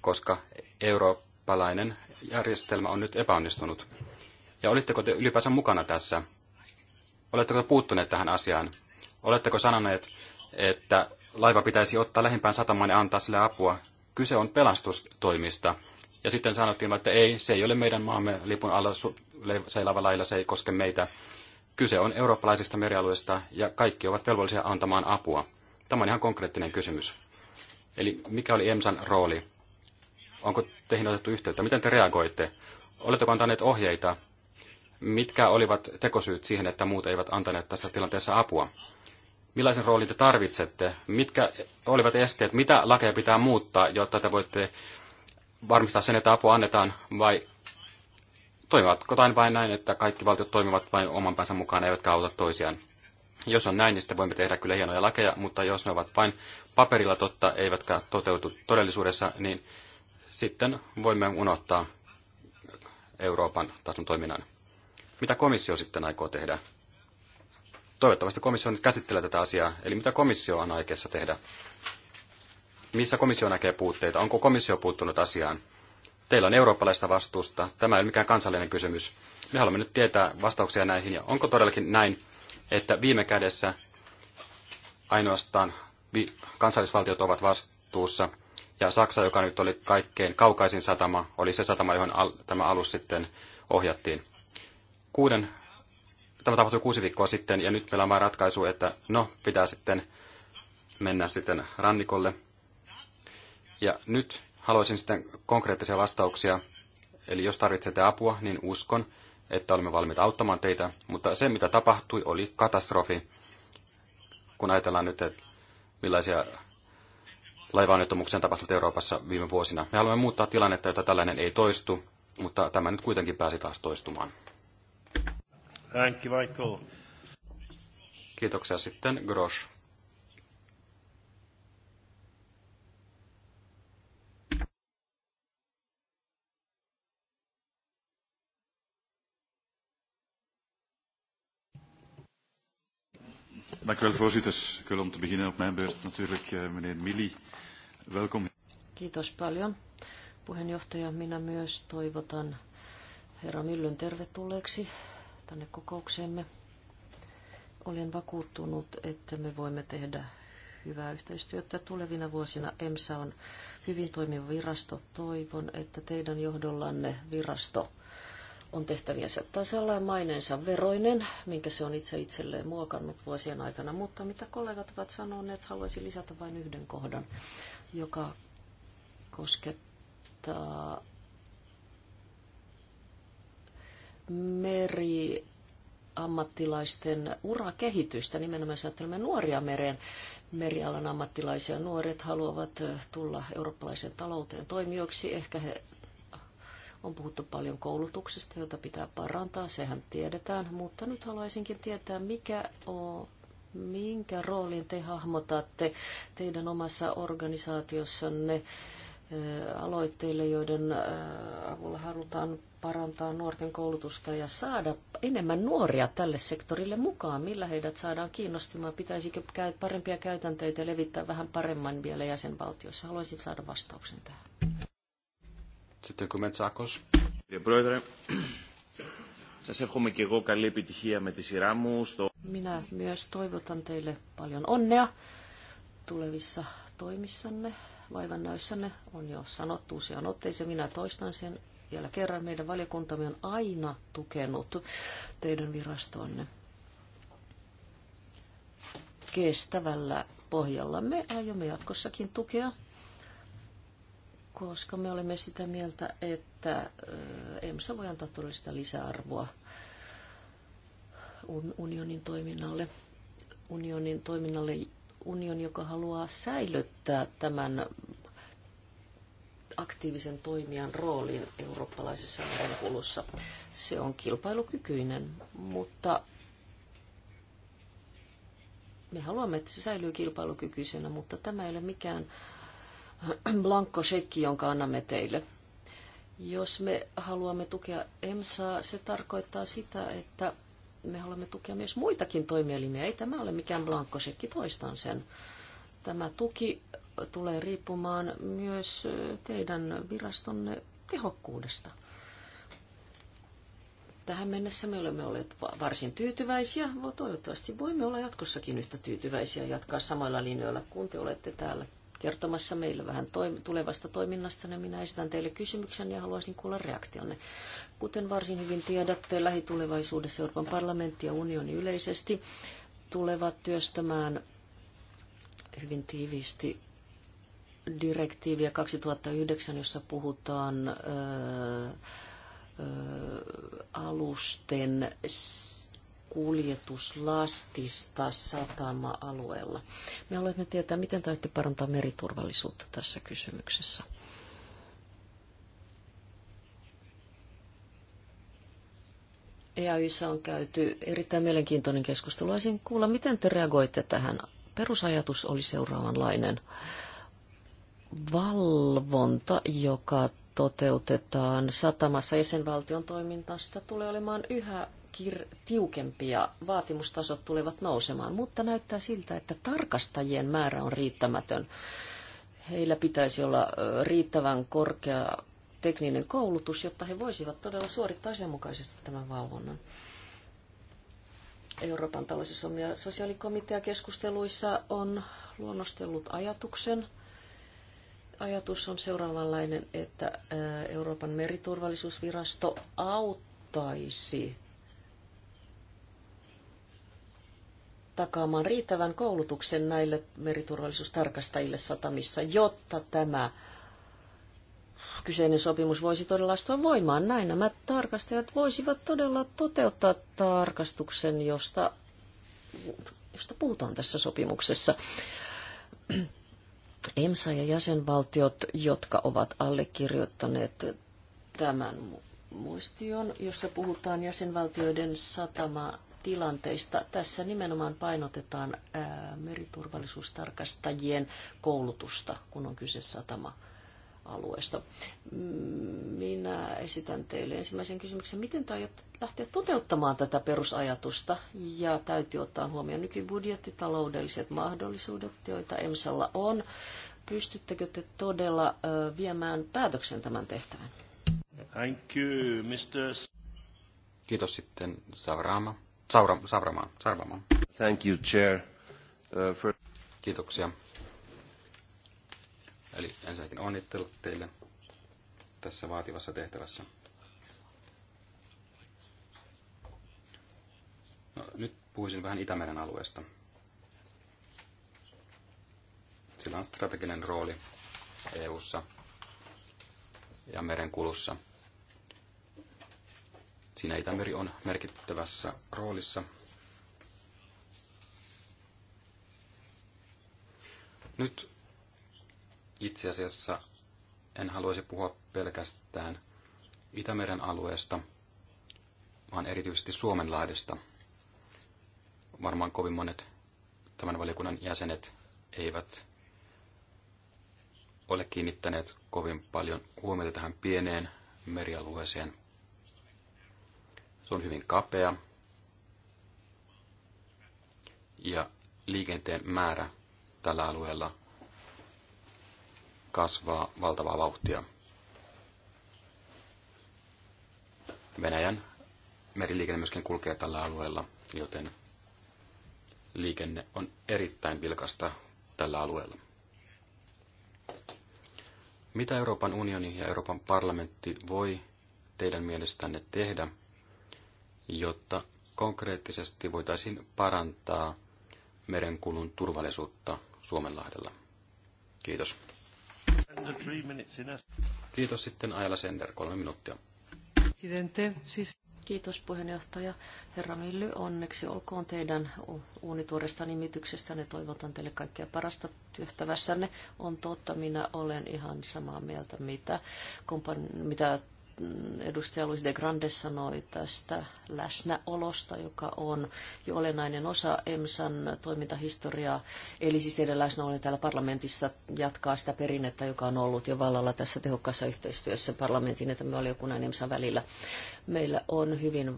Speaker 2: koska eurooppalainen järjestelmä on nyt epäonnistunut. Ja olitteko te ylipäänsä mukana tässä? Oletteko te puuttuneet tähän asiaan? Oletteko sanoneet, että laiva pitäisi ottaa lähimpään satamaan ja antaa sille apua? Kyse on pelastustoimista. Ja sitten sanottiin, että ei, se ei ole meidän maamme lipun alla seilaava lailla, se ei koske meitä. Kyse on eurooppalaisista merialueista ja kaikki ovat velvollisia antamaan apua. Tämä on ihan konkreettinen kysymys. Eli mikä oli EMSAn rooli? Onko teihin otettu yhteyttä? Miten te reagoitte? Oletteko antaneet ohjeita? Mitkä olivat tekosyyt siihen, että muut eivät antaneet tässä tilanteessa apua? Millaisen roolin te tarvitsette? Mitkä olivat esteet? Mitä lakeja pitää muuttaa, jotta te voitte varmistaa sen, että apua annetaan? Vai toimivatko tai vain näin, että kaikki valtiot toimivat vain oman päänsä mukaan, eivätkä auta toisiaan? Jos on näin, niin sitten voimme tehdä kyllä hienoja lakeja, mutta jos ne ovat vain paperilla totta, eivätkä toteutu todellisuudessa, niin sitten voimme unohtaa Euroopan tason toiminnan. Mitä komissio sitten aikoo tehdä? Toivottavasti komissio nyt käsittelee tätä asiaa, eli mitä komissio on aikeessa tehdä? Missä komissio näkee puutteita? Onko komissio puuttunut asiaan? Teillä on eurooppalaista vastuusta. Tämä ei ole mikään kansallinen kysymys. Me haluamme nyt tietää vastauksia näihin, ja onko todellakin näin, että viime kädessä ainoastaan kansallisvaltiot ovat vastuussa, ja Saksa, joka nyt oli kaikkein kaukaisin satama, oli se satama, johon al tämä alus sitten ohjattiin. Kuuden, tämä tapahtui kuusi viikkoa sitten, ja nyt meillä on vain ratkaisu, että no, pitää sitten mennä sitten rannikolle. Ja nyt haluaisin sitten konkreettisia vastauksia, eli jos tarvitsette apua, niin uskon, että olemme valmiita auttamaan teitä, mutta se mitä tapahtui oli katastrofi. Kun ajatellaan nyt, että millaisia laivaonnettomuuksia on tapahtunut Euroopassa viime vuosina. Me haluamme muuttaa tilannetta, jota tällainen ei toistu, mutta tämä nyt kuitenkin pääsi taas toistumaan. Thank you, Michael. Kiitoksia sitten, Grosch. Dank u wel, voorzitter. Ik wil om te beginnen op mijn beurt natuurlijk eh, meneer Mili. Welkom.
Speaker 3: Kiitos paljon. Puheenjohtaja, minä myös toivotan herra Myllyn tervetulleeksi tänne kokoukseemme. Olen vakuuttunut, että me voimme tehdä hyvää yhteistyötä tulevina vuosina. EMSA on hyvin toimiva virasto. Toivon, että teidän johdollanne virasto on tehtäviensä tasalla ja maineensa veroinen, minkä se on itse itselleen muokannut vuosien aikana. Mutta mitä kollegat ovat sanoneet, haluaisin lisätä vain yhden kohdan, joka koskettaa meri ammattilaisten urakehitystä, nimenomaan jos ajattelemme nuoria mereen, merialan ammattilaisia. Nuoret haluavat tulla eurooppalaiseen talouteen toimijoiksi, ehkä he on puhuttu paljon koulutuksesta, jota pitää parantaa, sehän tiedetään, mutta nyt haluaisinkin tietää, mikä on, minkä roolin te hahmotatte teidän omassa organisaatiossanne aloitteille, joiden avulla halutaan parantaa nuorten koulutusta ja saada enemmän nuoria tälle sektorille mukaan? Millä heidät saadaan kiinnostumaan? Pitäisikö parempia käytänteitä levittää vähän paremman vielä jäsenvaltiossa? Haluaisin saada vastauksen tähän.
Speaker 2: Sitten Kumetsakos. Κύριε Πρόεδρε, σας εύχομαι και εγώ καλή επιτυχία με τη σειρά μου. Στο...
Speaker 3: Minä myös toivotan teille paljon onnea tulevissa toimissanne, vaivannäyssänne. On jo sanottu usean otteeseen, minä toistan sen vielä kerran. Meidän valiokuntamme on aina tukenut teidän virastoonne kestävällä pohjalla. Me aiomme jatkossakin tukea koska me olemme sitä mieltä, että EMSA voi antaa todellista lisäarvoa unionin toiminnalle. Unionin toiminnalle unioni, joka haluaa säilyttää tämän aktiivisen toimijan roolin eurooppalaisessa merenkulussa. Se on kilpailukykyinen, mutta me haluamme, että se säilyy kilpailukykyisenä, mutta tämä ei ole mikään äh, sekki, jonka annamme teille. Jos me haluamme tukea EMSAa, se tarkoittaa sitä, että me haluamme tukea myös muitakin toimielimiä. Ei tämä ole mikään sekki toistan sen. Tämä tuki tulee riippumaan myös teidän virastonne tehokkuudesta. Tähän mennessä me olemme olleet varsin tyytyväisiä. Toivottavasti voimme olla jatkossakin yhtä tyytyväisiä jatkaa samoilla linjoilla, kun te olette täällä kertomassa meille vähän toim- tulevasta toiminnasta. Niin minä esitän teille kysymyksen ja haluaisin kuulla reaktionne. Kuten varsin hyvin tiedätte, lähitulevaisuudessa Euroopan parlamentti ja unioni yleisesti tulevat työstämään hyvin tiiviisti direktiiviä 2009, jossa puhutaan öö, alusten kuljetuslastista satama-alueella. Me haluamme tietää, miten täytyy parantaa meriturvallisuutta tässä kysymyksessä. EAYssä on käyty erittäin mielenkiintoinen keskustelu. Olisin kuulla, miten te reagoitte tähän. Perusajatus oli seuraavanlainen. Valvonta, joka toteutetaan satamassa jäsenvaltion toimintasta, tulee olemaan yhä kir- ja vaatimustasot tulevat nousemaan, mutta näyttää siltä, että tarkastajien määrä on riittämätön. Heillä pitäisi olla riittävän korkea tekninen koulutus, jotta he voisivat todella suorittaa asianmukaisesti tämän valvonnan. Euroopan talous- ja sosiaalikomitea keskusteluissa on luonnostellut ajatuksen. Ajatus on seuraavanlainen, että Euroopan meriturvallisuusvirasto auttaisi takaamaan riittävän koulutuksen näille meriturvallisuustarkastajille satamissa, jotta tämä kyseinen sopimus voisi todella astua voimaan. Näin nämä tarkastajat voisivat todella toteuttaa tarkastuksen, josta, josta puhutaan tässä sopimuksessa. EMSA ja jäsenvaltiot, jotka ovat allekirjoittaneet tämän muistion, jossa puhutaan jäsenvaltioiden satama tilanteista. Tässä nimenomaan painotetaan meriturvallisuustarkastajien koulutusta, kun on kyse satama alueesta. Mm, minä esitän teille ensimmäisen kysymyksen. Miten te aiotte lähteä toteuttamaan tätä perusajatusta? Ja täytyy ottaa huomioon nykybudjetti, taloudelliset mahdollisuudet, joita EMSalla on. Pystyttekö te todella viemään päätöksen tämän tehtävän?
Speaker 2: Thank you, Mr. Kiitos sitten Savrama. Saura, sauramaan, sauramaan. Thank you, Chair. Uh, for... Kiitoksia. Eli ensinnäkin onnittelut teille tässä vaativassa tehtävässä. No, nyt puhuisin vähän Itämeren alueesta. Sillä on strateginen rooli EU:ssa ja merenkulussa – Siinä Itämeri on merkittävässä roolissa. Nyt itse asiassa en haluaisi puhua pelkästään Itämeren alueesta, vaan erityisesti Suomenlahdesta. Varmaan kovin monet tämän valiokunnan jäsenet eivät ole kiinnittäneet kovin paljon huomiota tähän pieneen merialueeseen se on hyvin kapea. Ja liikenteen määrä tällä alueella kasvaa valtavaa vauhtia. Venäjän meriliikenne myöskin kulkee tällä alueella, joten liikenne on erittäin vilkasta tällä alueella. Mitä Euroopan unioni ja Euroopan parlamentti voi teidän mielestänne tehdä, jotta konkreettisesti voitaisiin parantaa merenkulun turvallisuutta Suomenlahdella. Kiitos. Kiitos sitten Ajala Sender, kolme minuuttia.
Speaker 3: Siis- Kiitos puheenjohtaja. Herra Milly, onneksi olkoon teidän uunituoresta ne Toivotan teille kaikkea parasta työhtävässänne. On totta, minä olen ihan samaa mieltä, mitä, kompan- mitä edustaja Luis de Grande sanoi tästä läsnäolosta, joka on jo olennainen osa EMSAn toimintahistoriaa. Eli siis teidän läsnäolo täällä parlamentissa jatkaa sitä perinnettä, joka on ollut jo vallalla tässä tehokkaassa yhteistyössä parlamentin ja tämän valiokunnan EMSAn välillä. Meillä on hyvin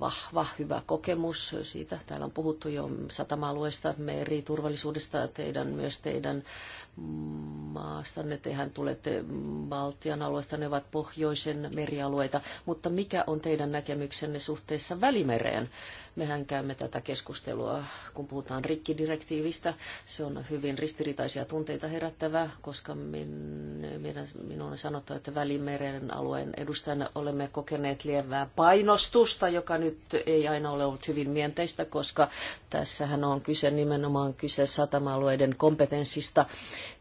Speaker 3: vahva, hyvä kokemus siitä. Täällä on puhuttu jo satama-alueesta, meriturvallisuudesta, teidän, myös teidän maastanne. Tehän tulette Baltian alueesta, ne ovat pohjoisen merialueita. Mutta mikä on teidän näkemyksenne suhteessa Välimereen? Mehän käymme tätä keskustelua, kun puhutaan rikkidirektiivistä. Se on hyvin ristiriitaisia tunteita herättävää, koska min, minä, minun on sanottu, että Välimeren alueen edustajana olemme kokeneet lievää liittyvää painostusta, joka nyt ei aina ole ollut hyvin mienteistä, koska tässähän on kyse nimenomaan kyse satama-alueiden kompetenssista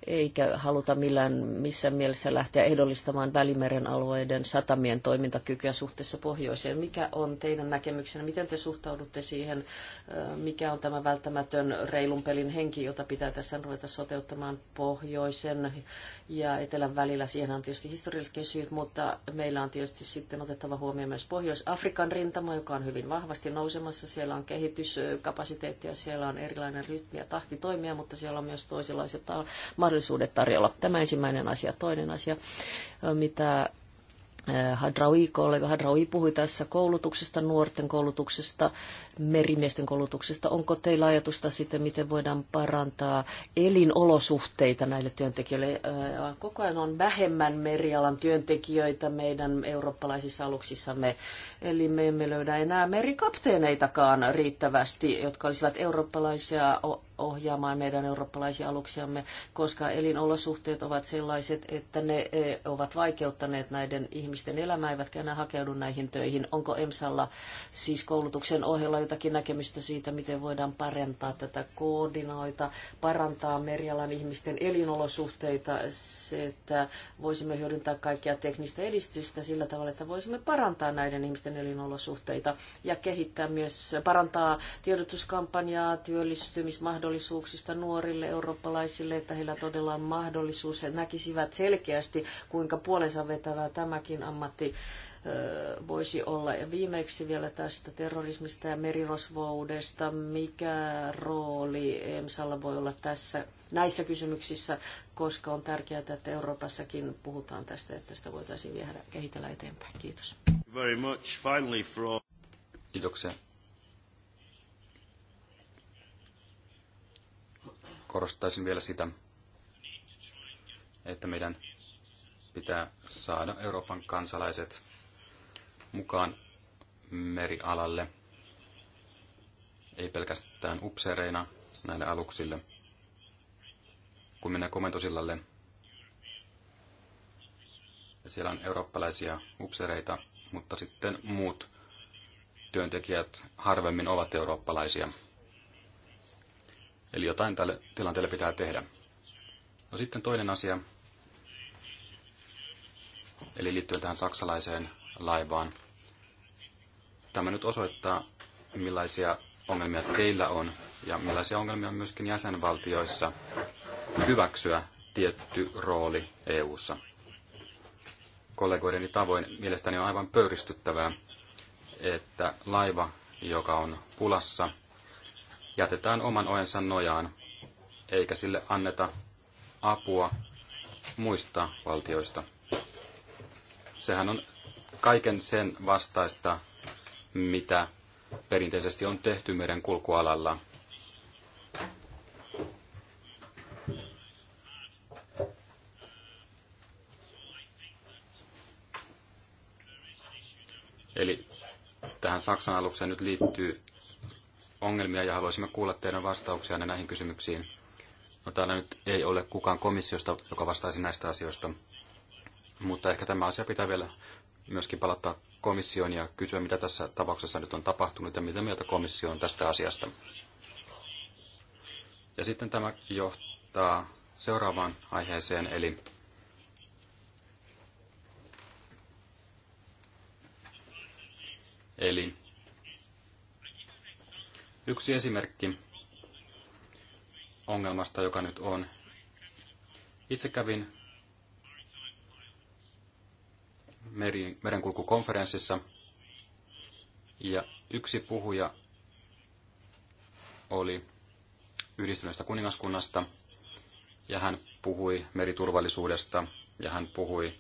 Speaker 3: eikä haluta millään missään mielessä lähteä ehdollistamaan Välimeren alueiden satamien toimintakykyä suhteessa pohjoiseen. Mikä on teidän näkemyksenne? Miten te suhtaudutte siihen? Mikä on tämä välttämätön reilun pelin henki, jota pitää tässä ruveta soteuttamaan pohjoisen ja etelän välillä? Siihen on tietysti historialliset syyt, mutta meillä on tietysti sitten otettava huomioon myös Pohjois-Afrikan rintama, joka on hyvin vahvasti nousemassa. Siellä on kehityskapasiteettia, siellä on erilainen rytmi ja tahti toimia, mutta siellä on myös toisenlaiset mahdollisuudet mahdollisuudet tarjolla. Tämä ensimmäinen asia. Toinen asia, mitä Hadraui, kollega Hadraui puhui tässä koulutuksesta, nuorten koulutuksesta merimiesten koulutuksesta. Onko teillä ajatusta sitten, miten voidaan parantaa elinolosuhteita näille työntekijöille? Koko ajan on vähemmän merialan työntekijöitä meidän eurooppalaisissa aluksissamme, eli me emme löydä enää merikapteeneitakaan riittävästi, jotka olisivat eurooppalaisia ohjaamaan meidän eurooppalaisia aluksiamme, koska elinolosuhteet ovat sellaiset, että ne e, ovat vaikeuttaneet näiden ihmisten elämää, eivätkä enää hakeudu näihin töihin. Onko EMSalla siis koulutuksen ohella jotakin näkemystä siitä, miten voidaan parantaa tätä koordinoita, parantaa merialan ihmisten elinolosuhteita, se, että voisimme hyödyntää kaikkia teknistä edistystä sillä tavalla, että voisimme parantaa näiden ihmisten elinolosuhteita ja kehittää myös, parantaa tiedotuskampanjaa työllistymismahdollisuuksista nuorille eurooppalaisille, että heillä todella on mahdollisuus, he näkisivät selkeästi, kuinka puolensa vetävää tämäkin ammatti voisi olla. Ja viimeksi vielä tästä terrorismista ja merirosvoudesta, mikä rooli EMSalla voi olla tässä näissä kysymyksissä, koska on tärkeää, että Euroopassakin puhutaan tästä, että sitä voitaisiin vielä kehitellä eteenpäin. Kiitos.
Speaker 2: Very much. Finally from Kiitoksia. Korostaisin vielä sitä, että meidän pitää saada Euroopan kansalaiset mukaan merialalle, ei pelkästään upseereina näille aluksille. Kun mennään komentosillalle, siellä on eurooppalaisia upseereita, mutta sitten muut työntekijät harvemmin ovat eurooppalaisia. Eli jotain tälle tilanteelle pitää tehdä. No sitten toinen asia, eli liittyen tähän saksalaiseen laivaan. Tämä nyt osoittaa, millaisia ongelmia teillä on ja millaisia ongelmia on myöskin jäsenvaltioissa hyväksyä tietty rooli EU:ssa. Kollegoideni tavoin mielestäni on aivan pöyristyttävää, että laiva, joka on pulassa, jätetään oman ojensa nojaan, eikä sille anneta apua muista valtioista. Sehän on kaiken sen vastaista, mitä perinteisesti on tehty meidän kulkualalla. Eli tähän Saksan alukseen nyt liittyy ongelmia ja haluaisimme kuulla teidän vastauksia näihin kysymyksiin. No täällä nyt ei ole kukaan komissiosta, joka vastaisi näistä asioista, mutta ehkä tämä asia pitää vielä myöskin palata komissioon ja kysyä, mitä tässä tapauksessa nyt on tapahtunut ja mitä mieltä komissio on tästä asiasta. Ja sitten tämä johtaa seuraavaan aiheeseen, eli Eli yksi esimerkki ongelmasta, joka nyt on. Itse kävin merenkulkukonferenssissa. Ja yksi puhuja oli yhdistyneestä kuningaskunnasta, ja hän puhui meriturvallisuudesta, ja hän puhui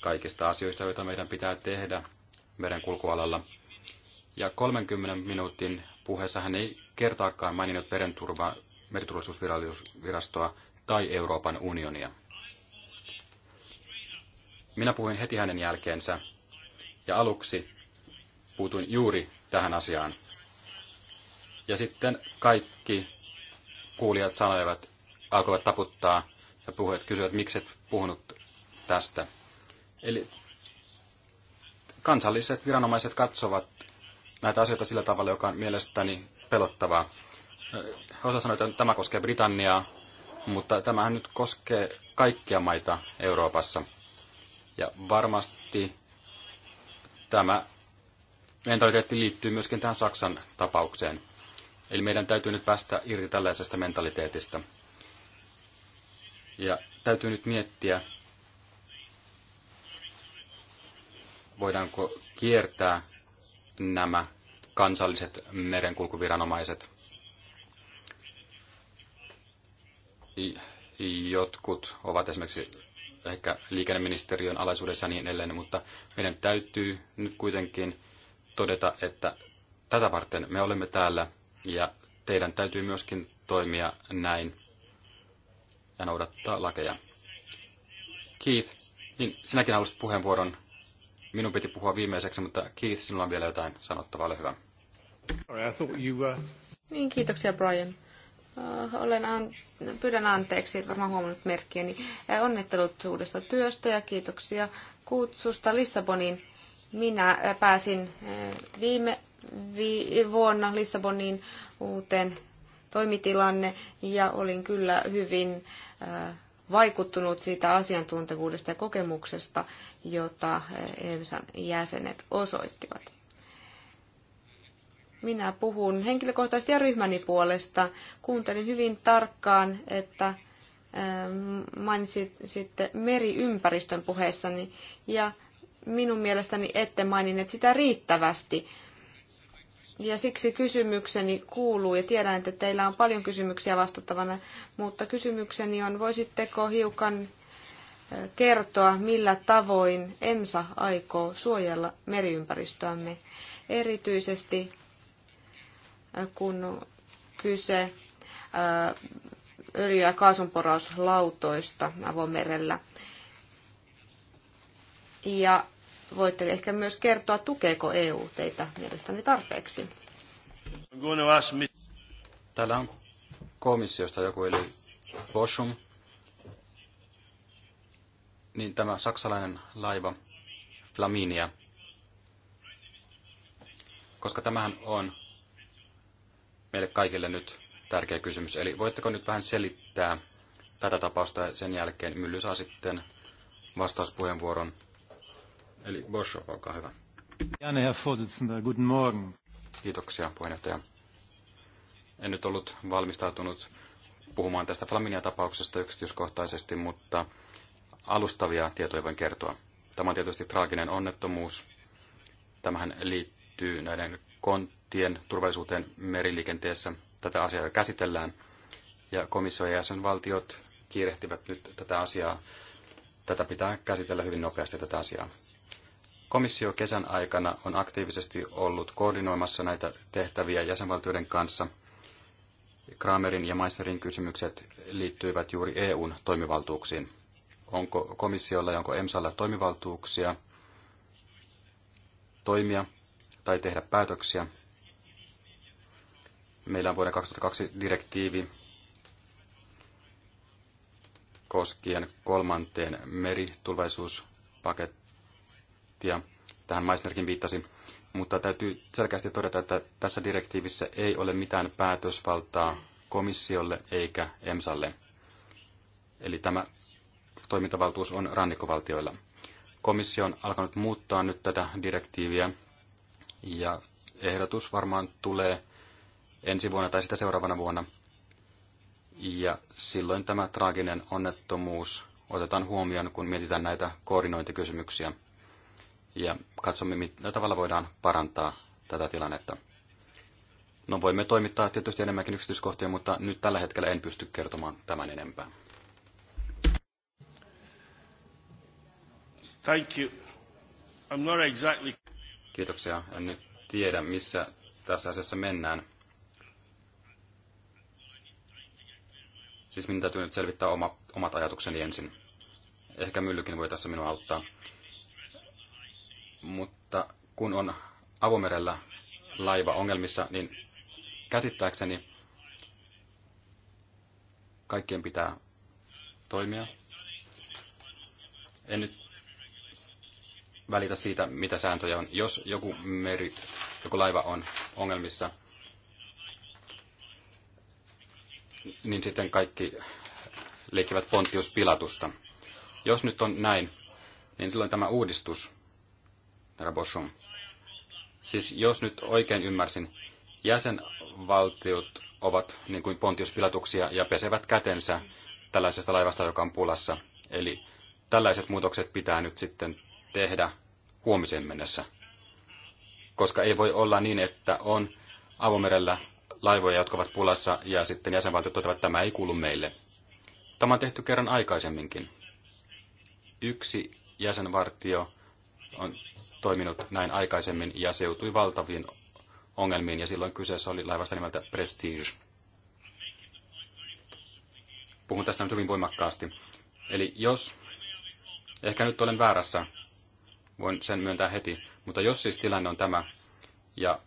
Speaker 2: kaikista asioista, joita meidän pitää tehdä merenkulkualalla. Ja 30 minuutin puheessa hän ei kertaakaan maininnut meriturvallisuusvirastoa tai Euroopan unionia. Minä puhuin heti hänen jälkeensä ja aluksi puutuin juuri tähän asiaan. Ja sitten kaikki kuulijat sanoivat, alkoivat taputtaa ja puhuivat, kysyivät, miksi et puhunut tästä. Eli kansalliset viranomaiset katsovat näitä asioita sillä tavalla, joka on mielestäni pelottavaa. Osa sanoi, että tämä koskee Britanniaa, mutta tämähän nyt koskee kaikkia maita Euroopassa. Ja varmasti tämä mentaliteetti liittyy myöskin tähän Saksan tapaukseen. Eli meidän täytyy nyt päästä irti tällaisesta mentaliteetista. Ja täytyy nyt miettiä, voidaanko kiertää nämä kansalliset merenkulkuviranomaiset. Jotkut ovat esimerkiksi ehkä liikenneministeriön alaisuudessa ja niin edelleen, mutta meidän täytyy nyt kuitenkin todeta, että tätä varten me olemme täällä ja teidän täytyy myöskin toimia näin ja noudattaa lakeja. Keith, niin sinäkin halusit puheenvuoron. Minun piti puhua viimeiseksi, mutta Keith, sinulla on vielä jotain sanottavaa, ole hyvä.
Speaker 1: Niin, kiitoksia Brian. Äh, olen an, pyydän anteeksi, että varmaan huomannut merkkiä, Niin äh, onnittelut uudesta työstä ja kiitoksia kutsusta Lissaboniin. Minä äh, pääsin viime vi- vuonna Lissaboniin uuteen toimitilanne ja olin kyllä hyvin vaikuttunut siitä asiantuntevuudesta ja kokemuksesta, jota EMSAn jäsenet osoittivat. Minä puhun henkilökohtaisesti ja ryhmäni puolesta. Kuuntelin hyvin tarkkaan, että ähm, mainitsit sitten meriympäristön puheessani ja minun mielestäni ette maininneet sitä riittävästi. Ja siksi kysymykseni kuuluu, ja tiedän, että teillä on paljon kysymyksiä vastattavana, mutta kysymykseni on, voisitteko hiukan äh, kertoa, millä tavoin EMSA aikoo suojella meriympäristöämme, erityisesti kun kyse öljy- ja kaasunporauslautoista avomerellä. Ja voitte ehkä myös kertoa, tukeeko EU teitä mielestäni tarpeeksi.
Speaker 2: Täällä on komissiosta joku, eli Boschum, niin tämä saksalainen laiva Flaminia, koska tämähän on meille kaikille nyt tärkeä kysymys. Eli voitteko nyt vähän selittää tätä tapausta ja sen jälkeen Mylly saa sitten vastauspuheenvuoron. Eli Bosho, olkaa hyvä. Gerne, Herr Vorsitzender. Guten Morgen. Kiitoksia, puheenjohtaja. En nyt ollut valmistautunut puhumaan tästä Flaminia-tapauksesta yksityiskohtaisesti, mutta alustavia tietoja voin kertoa. Tämä on tietysti traaginen onnettomuus. Tämähän liittyy näiden kont- tien turvallisuuteen meriliikenteessä. Tätä asiaa jo käsitellään ja komissio ja jäsenvaltiot kiirehtivät nyt tätä asiaa. Tätä pitää käsitellä hyvin nopeasti tätä asiaa. Komissio kesän aikana on aktiivisesti ollut koordinoimassa näitä tehtäviä jäsenvaltioiden kanssa. Kramerin ja Meisnerin kysymykset liittyivät juuri EUn toimivaltuuksiin. Onko komissiolla ja onko EMSalla toimivaltuuksia toimia tai tehdä päätöksiä Meillä on vuoden 2002 direktiivi koskien kolmanteen meritulvallisuuspakettia. Tähän Meissnerkin viittasi. Mutta täytyy selkeästi todeta, että tässä direktiivissä ei ole mitään päätösvaltaa komissiolle eikä EMSalle. Eli tämä toimintavaltuus on rannikkovaltioilla. Komissio on alkanut muuttaa nyt tätä direktiiviä ja ehdotus varmaan tulee ensi vuonna tai sitä seuraavana vuonna. Ja silloin tämä traaginen onnettomuus otetaan huomioon, kun mietitään näitä koordinointikysymyksiä. Ja katsomme, millä tavalla voidaan parantaa tätä tilannetta. No voimme toimittaa tietysti enemmänkin yksityiskohtia, mutta nyt tällä hetkellä en pysty kertomaan tämän enempää. Thank you. I'm not exactly... Kiitoksia. En nyt tiedä, missä tässä asiassa mennään. Siis minun täytyy nyt selvittää oma, omat ajatukseni ensin. Ehkä myllykin voi tässä minua auttaa. Mutta kun on avomerellä laiva ongelmissa, niin käsittääkseni kaikkien pitää toimia. En nyt välitä siitä, mitä sääntöjä on. Jos joku meri, joku laiva on ongelmissa, niin sitten kaikki leikivät Pontius Pilatusta. Jos nyt on näin, niin silloin tämä uudistus, herra Boschum, siis jos nyt oikein ymmärsin, jäsenvaltiot ovat niin kuin Pontius Pilatuksia ja pesevät kätensä tällaisesta laivasta, joka on pulassa. Eli tällaiset muutokset pitää nyt sitten tehdä huomisen mennessä, koska ei voi olla niin, että on avomerellä laivoja, jotka ovat pulassa, ja sitten jäsenvaltiot toteavat, että tämä ei kuulu meille. Tämä on tehty kerran aikaisemminkin. Yksi jäsenvartio on toiminut näin aikaisemmin ja seutui valtaviin ongelmiin, ja silloin kyseessä oli laivasta nimeltä Prestige. Puhun tästä nyt hyvin voimakkaasti. Eli jos, ehkä nyt olen väärässä, voin sen myöntää heti, mutta jos siis tilanne on tämä, ja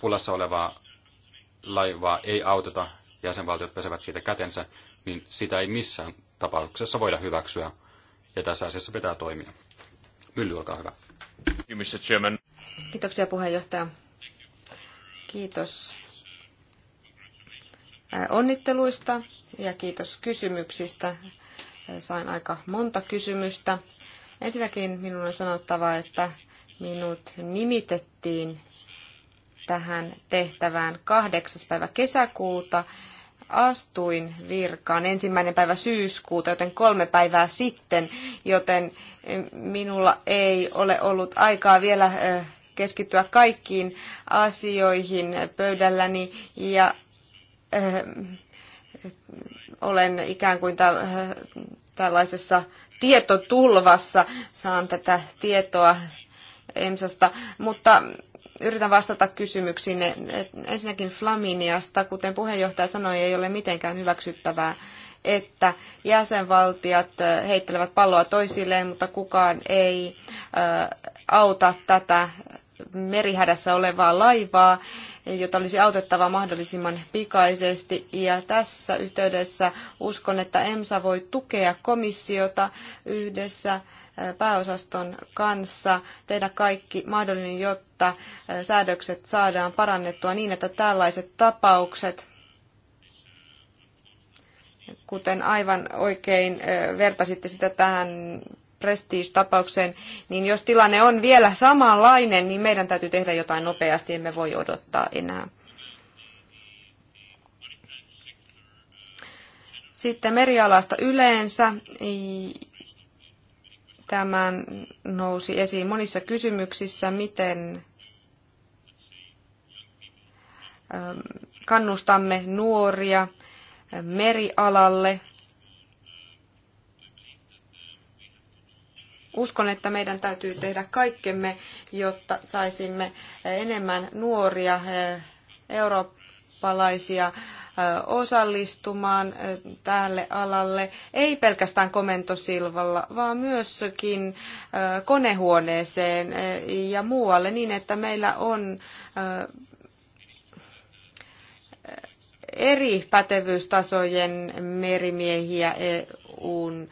Speaker 2: pulassa olevaa laivaa ei auteta, jäsenvaltiot pesevät siitä kätensä, niin sitä ei missään tapauksessa voida hyväksyä. Ja tässä asiassa pitää toimia. Mylly, olkaa hyvä.
Speaker 1: Kiitoksia puheenjohtaja. Kiitos äh, onnitteluista ja kiitos kysymyksistä. Sain aika monta kysymystä. Ensinnäkin minun on sanottava, että minut nimitettiin tähän tehtävään 8. päivä kesäkuuta astuin virkaan ensimmäinen päivä syyskuuta, joten kolme päivää sitten, joten eh, minulla ei ole ollut aikaa vielä eh, keskittyä kaikkiin asioihin pöydälläni ja eh, olen ikään kuin tällaisessa tietotulvassa, saan tätä tietoa EMSasta, mutta yritän vastata kysymyksiin. Ensinnäkin Flaminiasta, kuten puheenjohtaja sanoi, ei ole mitenkään hyväksyttävää, että jäsenvaltiot heittelevät palloa toisilleen, mutta kukaan ei auta tätä merihädässä olevaa laivaa, jota olisi autettava mahdollisimman pikaisesti. Ja tässä yhteydessä uskon, että EMSA voi tukea komissiota yhdessä pääosaston kanssa tehdä kaikki mahdollinen, jotta säädökset saadaan parannettua niin, että tällaiset tapaukset, kuten aivan oikein vertasitte sitä tähän prestige-tapaukseen, niin jos tilanne on vielä samanlainen, niin meidän täytyy tehdä jotain nopeasti, emme voi odottaa enää. Sitten merialasta yleensä Tämän nousi esiin monissa kysymyksissä, miten ähm, kannustamme nuoria ähm, merialalle. Uskon, että meidän täytyy tehdä kaikkemme, jotta saisimme enemmän nuoria äh, eurooppalaisia osallistumaan tälle alalle, ei pelkästään komentosilvalla, vaan myöskin konehuoneeseen ja muualle niin, että meillä on eri pätevyystasojen merimiehiä EUn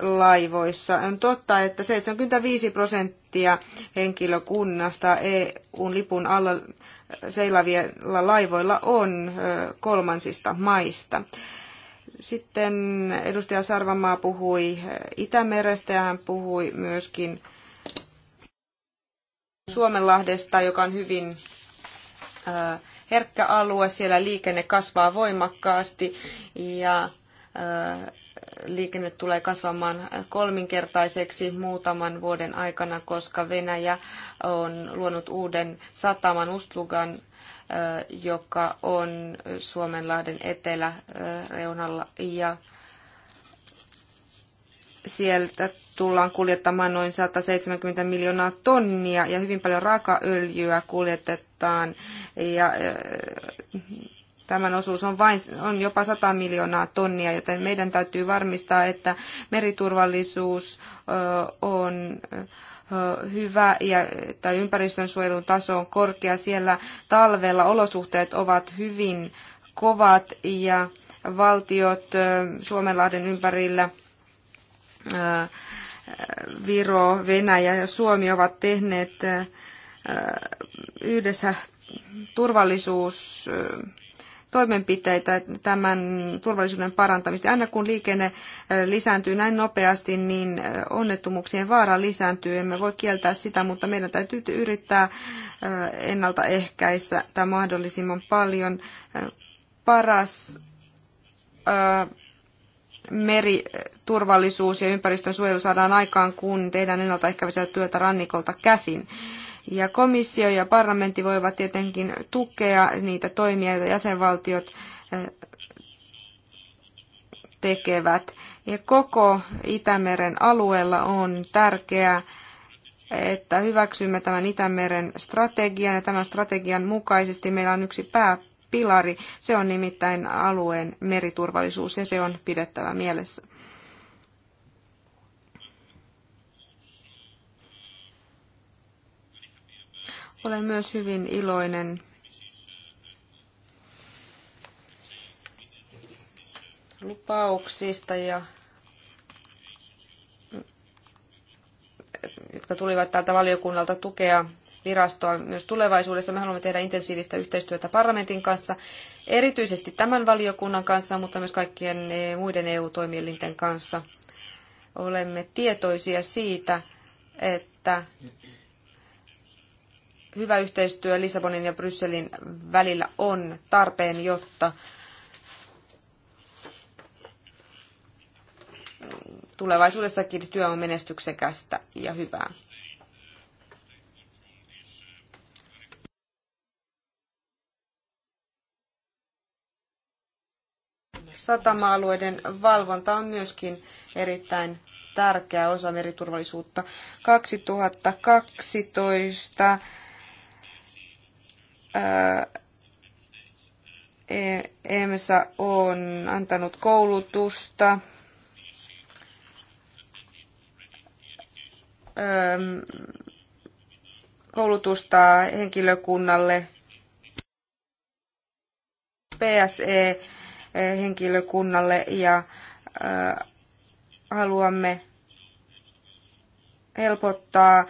Speaker 1: laivoissa. On totta, että 75 prosenttia henkilökunnasta EUn lipun alla seilavilla laivoilla on kolmansista maista. Sitten edustaja Sarvamaa puhui Itämerestä ja hän puhui myöskin Suomenlahdesta, joka on hyvin herkkä alue. Siellä liikenne kasvaa voimakkaasti ja liikenne tulee kasvamaan kolminkertaiseksi muutaman vuoden aikana, koska Venäjä on luonut uuden sataman Ustlugan, joka on Suomenlahden eteläreunalla ja sieltä tullaan kuljettamaan noin 170 miljoonaa tonnia ja hyvin paljon raakaöljyä kuljetetaan ja tämän osuus on, vain, on jopa 100 miljoonaa tonnia, joten meidän täytyy varmistaa, että meriturvallisuus on hyvä ja että ympäristönsuojelun taso on korkea. Siellä talvella olosuhteet ovat hyvin kovat ja valtiot Suomenlahden ympärillä Viro, Venäjä ja Suomi ovat tehneet yhdessä turvallisuus toimenpiteitä tämän turvallisuuden parantamista. Aina kun liikenne lisääntyy näin nopeasti, niin onnettomuuksien vaara lisääntyy. Emme voi kieltää sitä, mutta meidän täytyy yrittää ennaltaehkäistä tämä mahdollisimman paljon. Paras meriturvallisuus ja ympäristön suojelu saadaan aikaan, kun tehdään ennaltaehkäisevää työtä rannikolta käsin. Ja komissio ja parlamentti voivat tietenkin tukea niitä toimia, joita jäsenvaltiot tekevät. Ja koko Itämeren alueella on tärkeää, että hyväksymme tämän Itämeren strategian ja tämän strategian mukaisesti meillä on yksi pääpilari. Se on nimittäin alueen meriturvallisuus ja se on pidettävä mielessä. Olen myös hyvin iloinen lupauksista ja jotka tulivat täältä valiokunnalta tukea virastoa myös tulevaisuudessa. Me haluamme tehdä intensiivistä yhteistyötä parlamentin kanssa, erityisesti tämän valiokunnan kanssa, mutta myös kaikkien e, muiden EU-toimielinten kanssa. Olemme tietoisia siitä, että hyvä yhteistyö Lissabonin ja Brysselin välillä on tarpeen, jotta tulevaisuudessakin työ on menestyksekästä ja hyvää. Satama-alueiden valvonta on myöskin erittäin tärkeä osa meriturvallisuutta. 2012 E, EMSA on antanut koulutusta koulutusta henkilökunnalle, PSE-henkilökunnalle ja haluamme helpottaa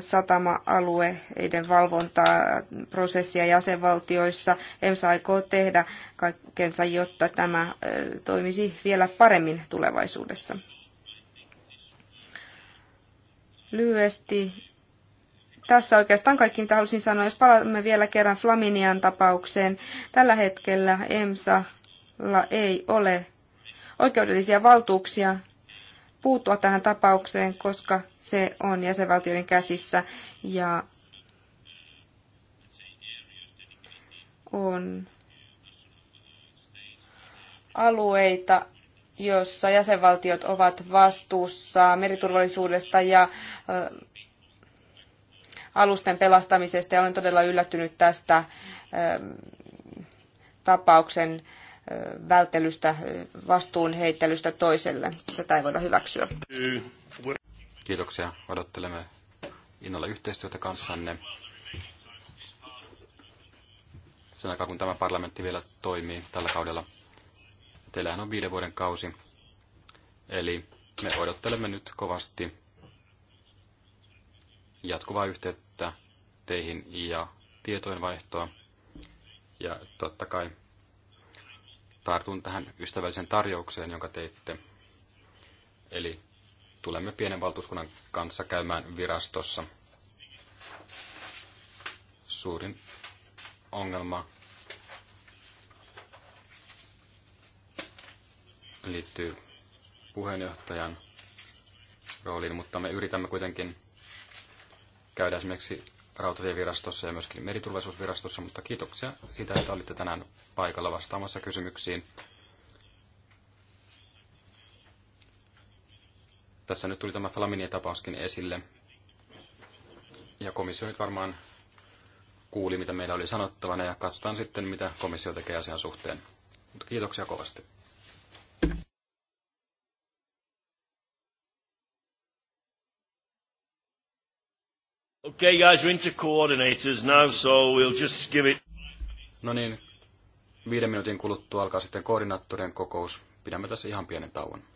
Speaker 1: satama-alueiden valvontaa, prosessia jäsenvaltioissa. EMSA aikoo tehdä kaikkensa, jotta tämä toimisi vielä paremmin tulevaisuudessa. Lyhyesti tässä oikeastaan kaikki, mitä halusin sanoa. Jos palaamme vielä kerran Flaminian tapaukseen, tällä hetkellä EMSAlla ei ole oikeudellisia valtuuksia puuttua tähän tapaukseen, koska se on jäsenvaltioiden käsissä ja on alueita, jossa jäsenvaltiot ovat vastuussa meriturvallisuudesta ja alusten pelastamisesta. Ja olen todella yllättynyt tästä tapauksen välttelystä, vastuun heittelystä toiselle. Tätä ei voida hyväksyä.
Speaker 2: Kiitoksia. Odottelemme innolla yhteistyötä kanssanne. Sen aikaa, kun tämä parlamentti vielä toimii tällä kaudella. Teillähän on viiden vuoden kausi. Eli me odottelemme nyt kovasti jatkuvaa yhteyttä teihin ja tietojenvaihtoa. Ja totta kai tartun tähän ystävällisen tarjoukseen, jonka teitte. Eli tulemme pienen valtuuskunnan kanssa käymään virastossa. Suurin ongelma liittyy puheenjohtajan rooliin, mutta me yritämme kuitenkin käydä esimerkiksi rautatievirastossa ja myöskin meriturvallisuusvirastossa, mutta kiitoksia siitä, että olitte tänään paikalla vastaamassa kysymyksiin. Tässä nyt tuli tämä Flaminien tapauskin esille. Ja komissio nyt varmaan kuuli, mitä meillä oli sanottavana, ja katsotaan sitten, mitä komissio tekee asian suhteen. Mutta kiitoksia kovasti.
Speaker 1: Okay guys, we're into coordinators now, so we'll just
Speaker 2: give it... No niin, viiden minuutin kuluttua alkaa sitten koordinaattorien kokous. Pidämme tässä ihan pienen tauon.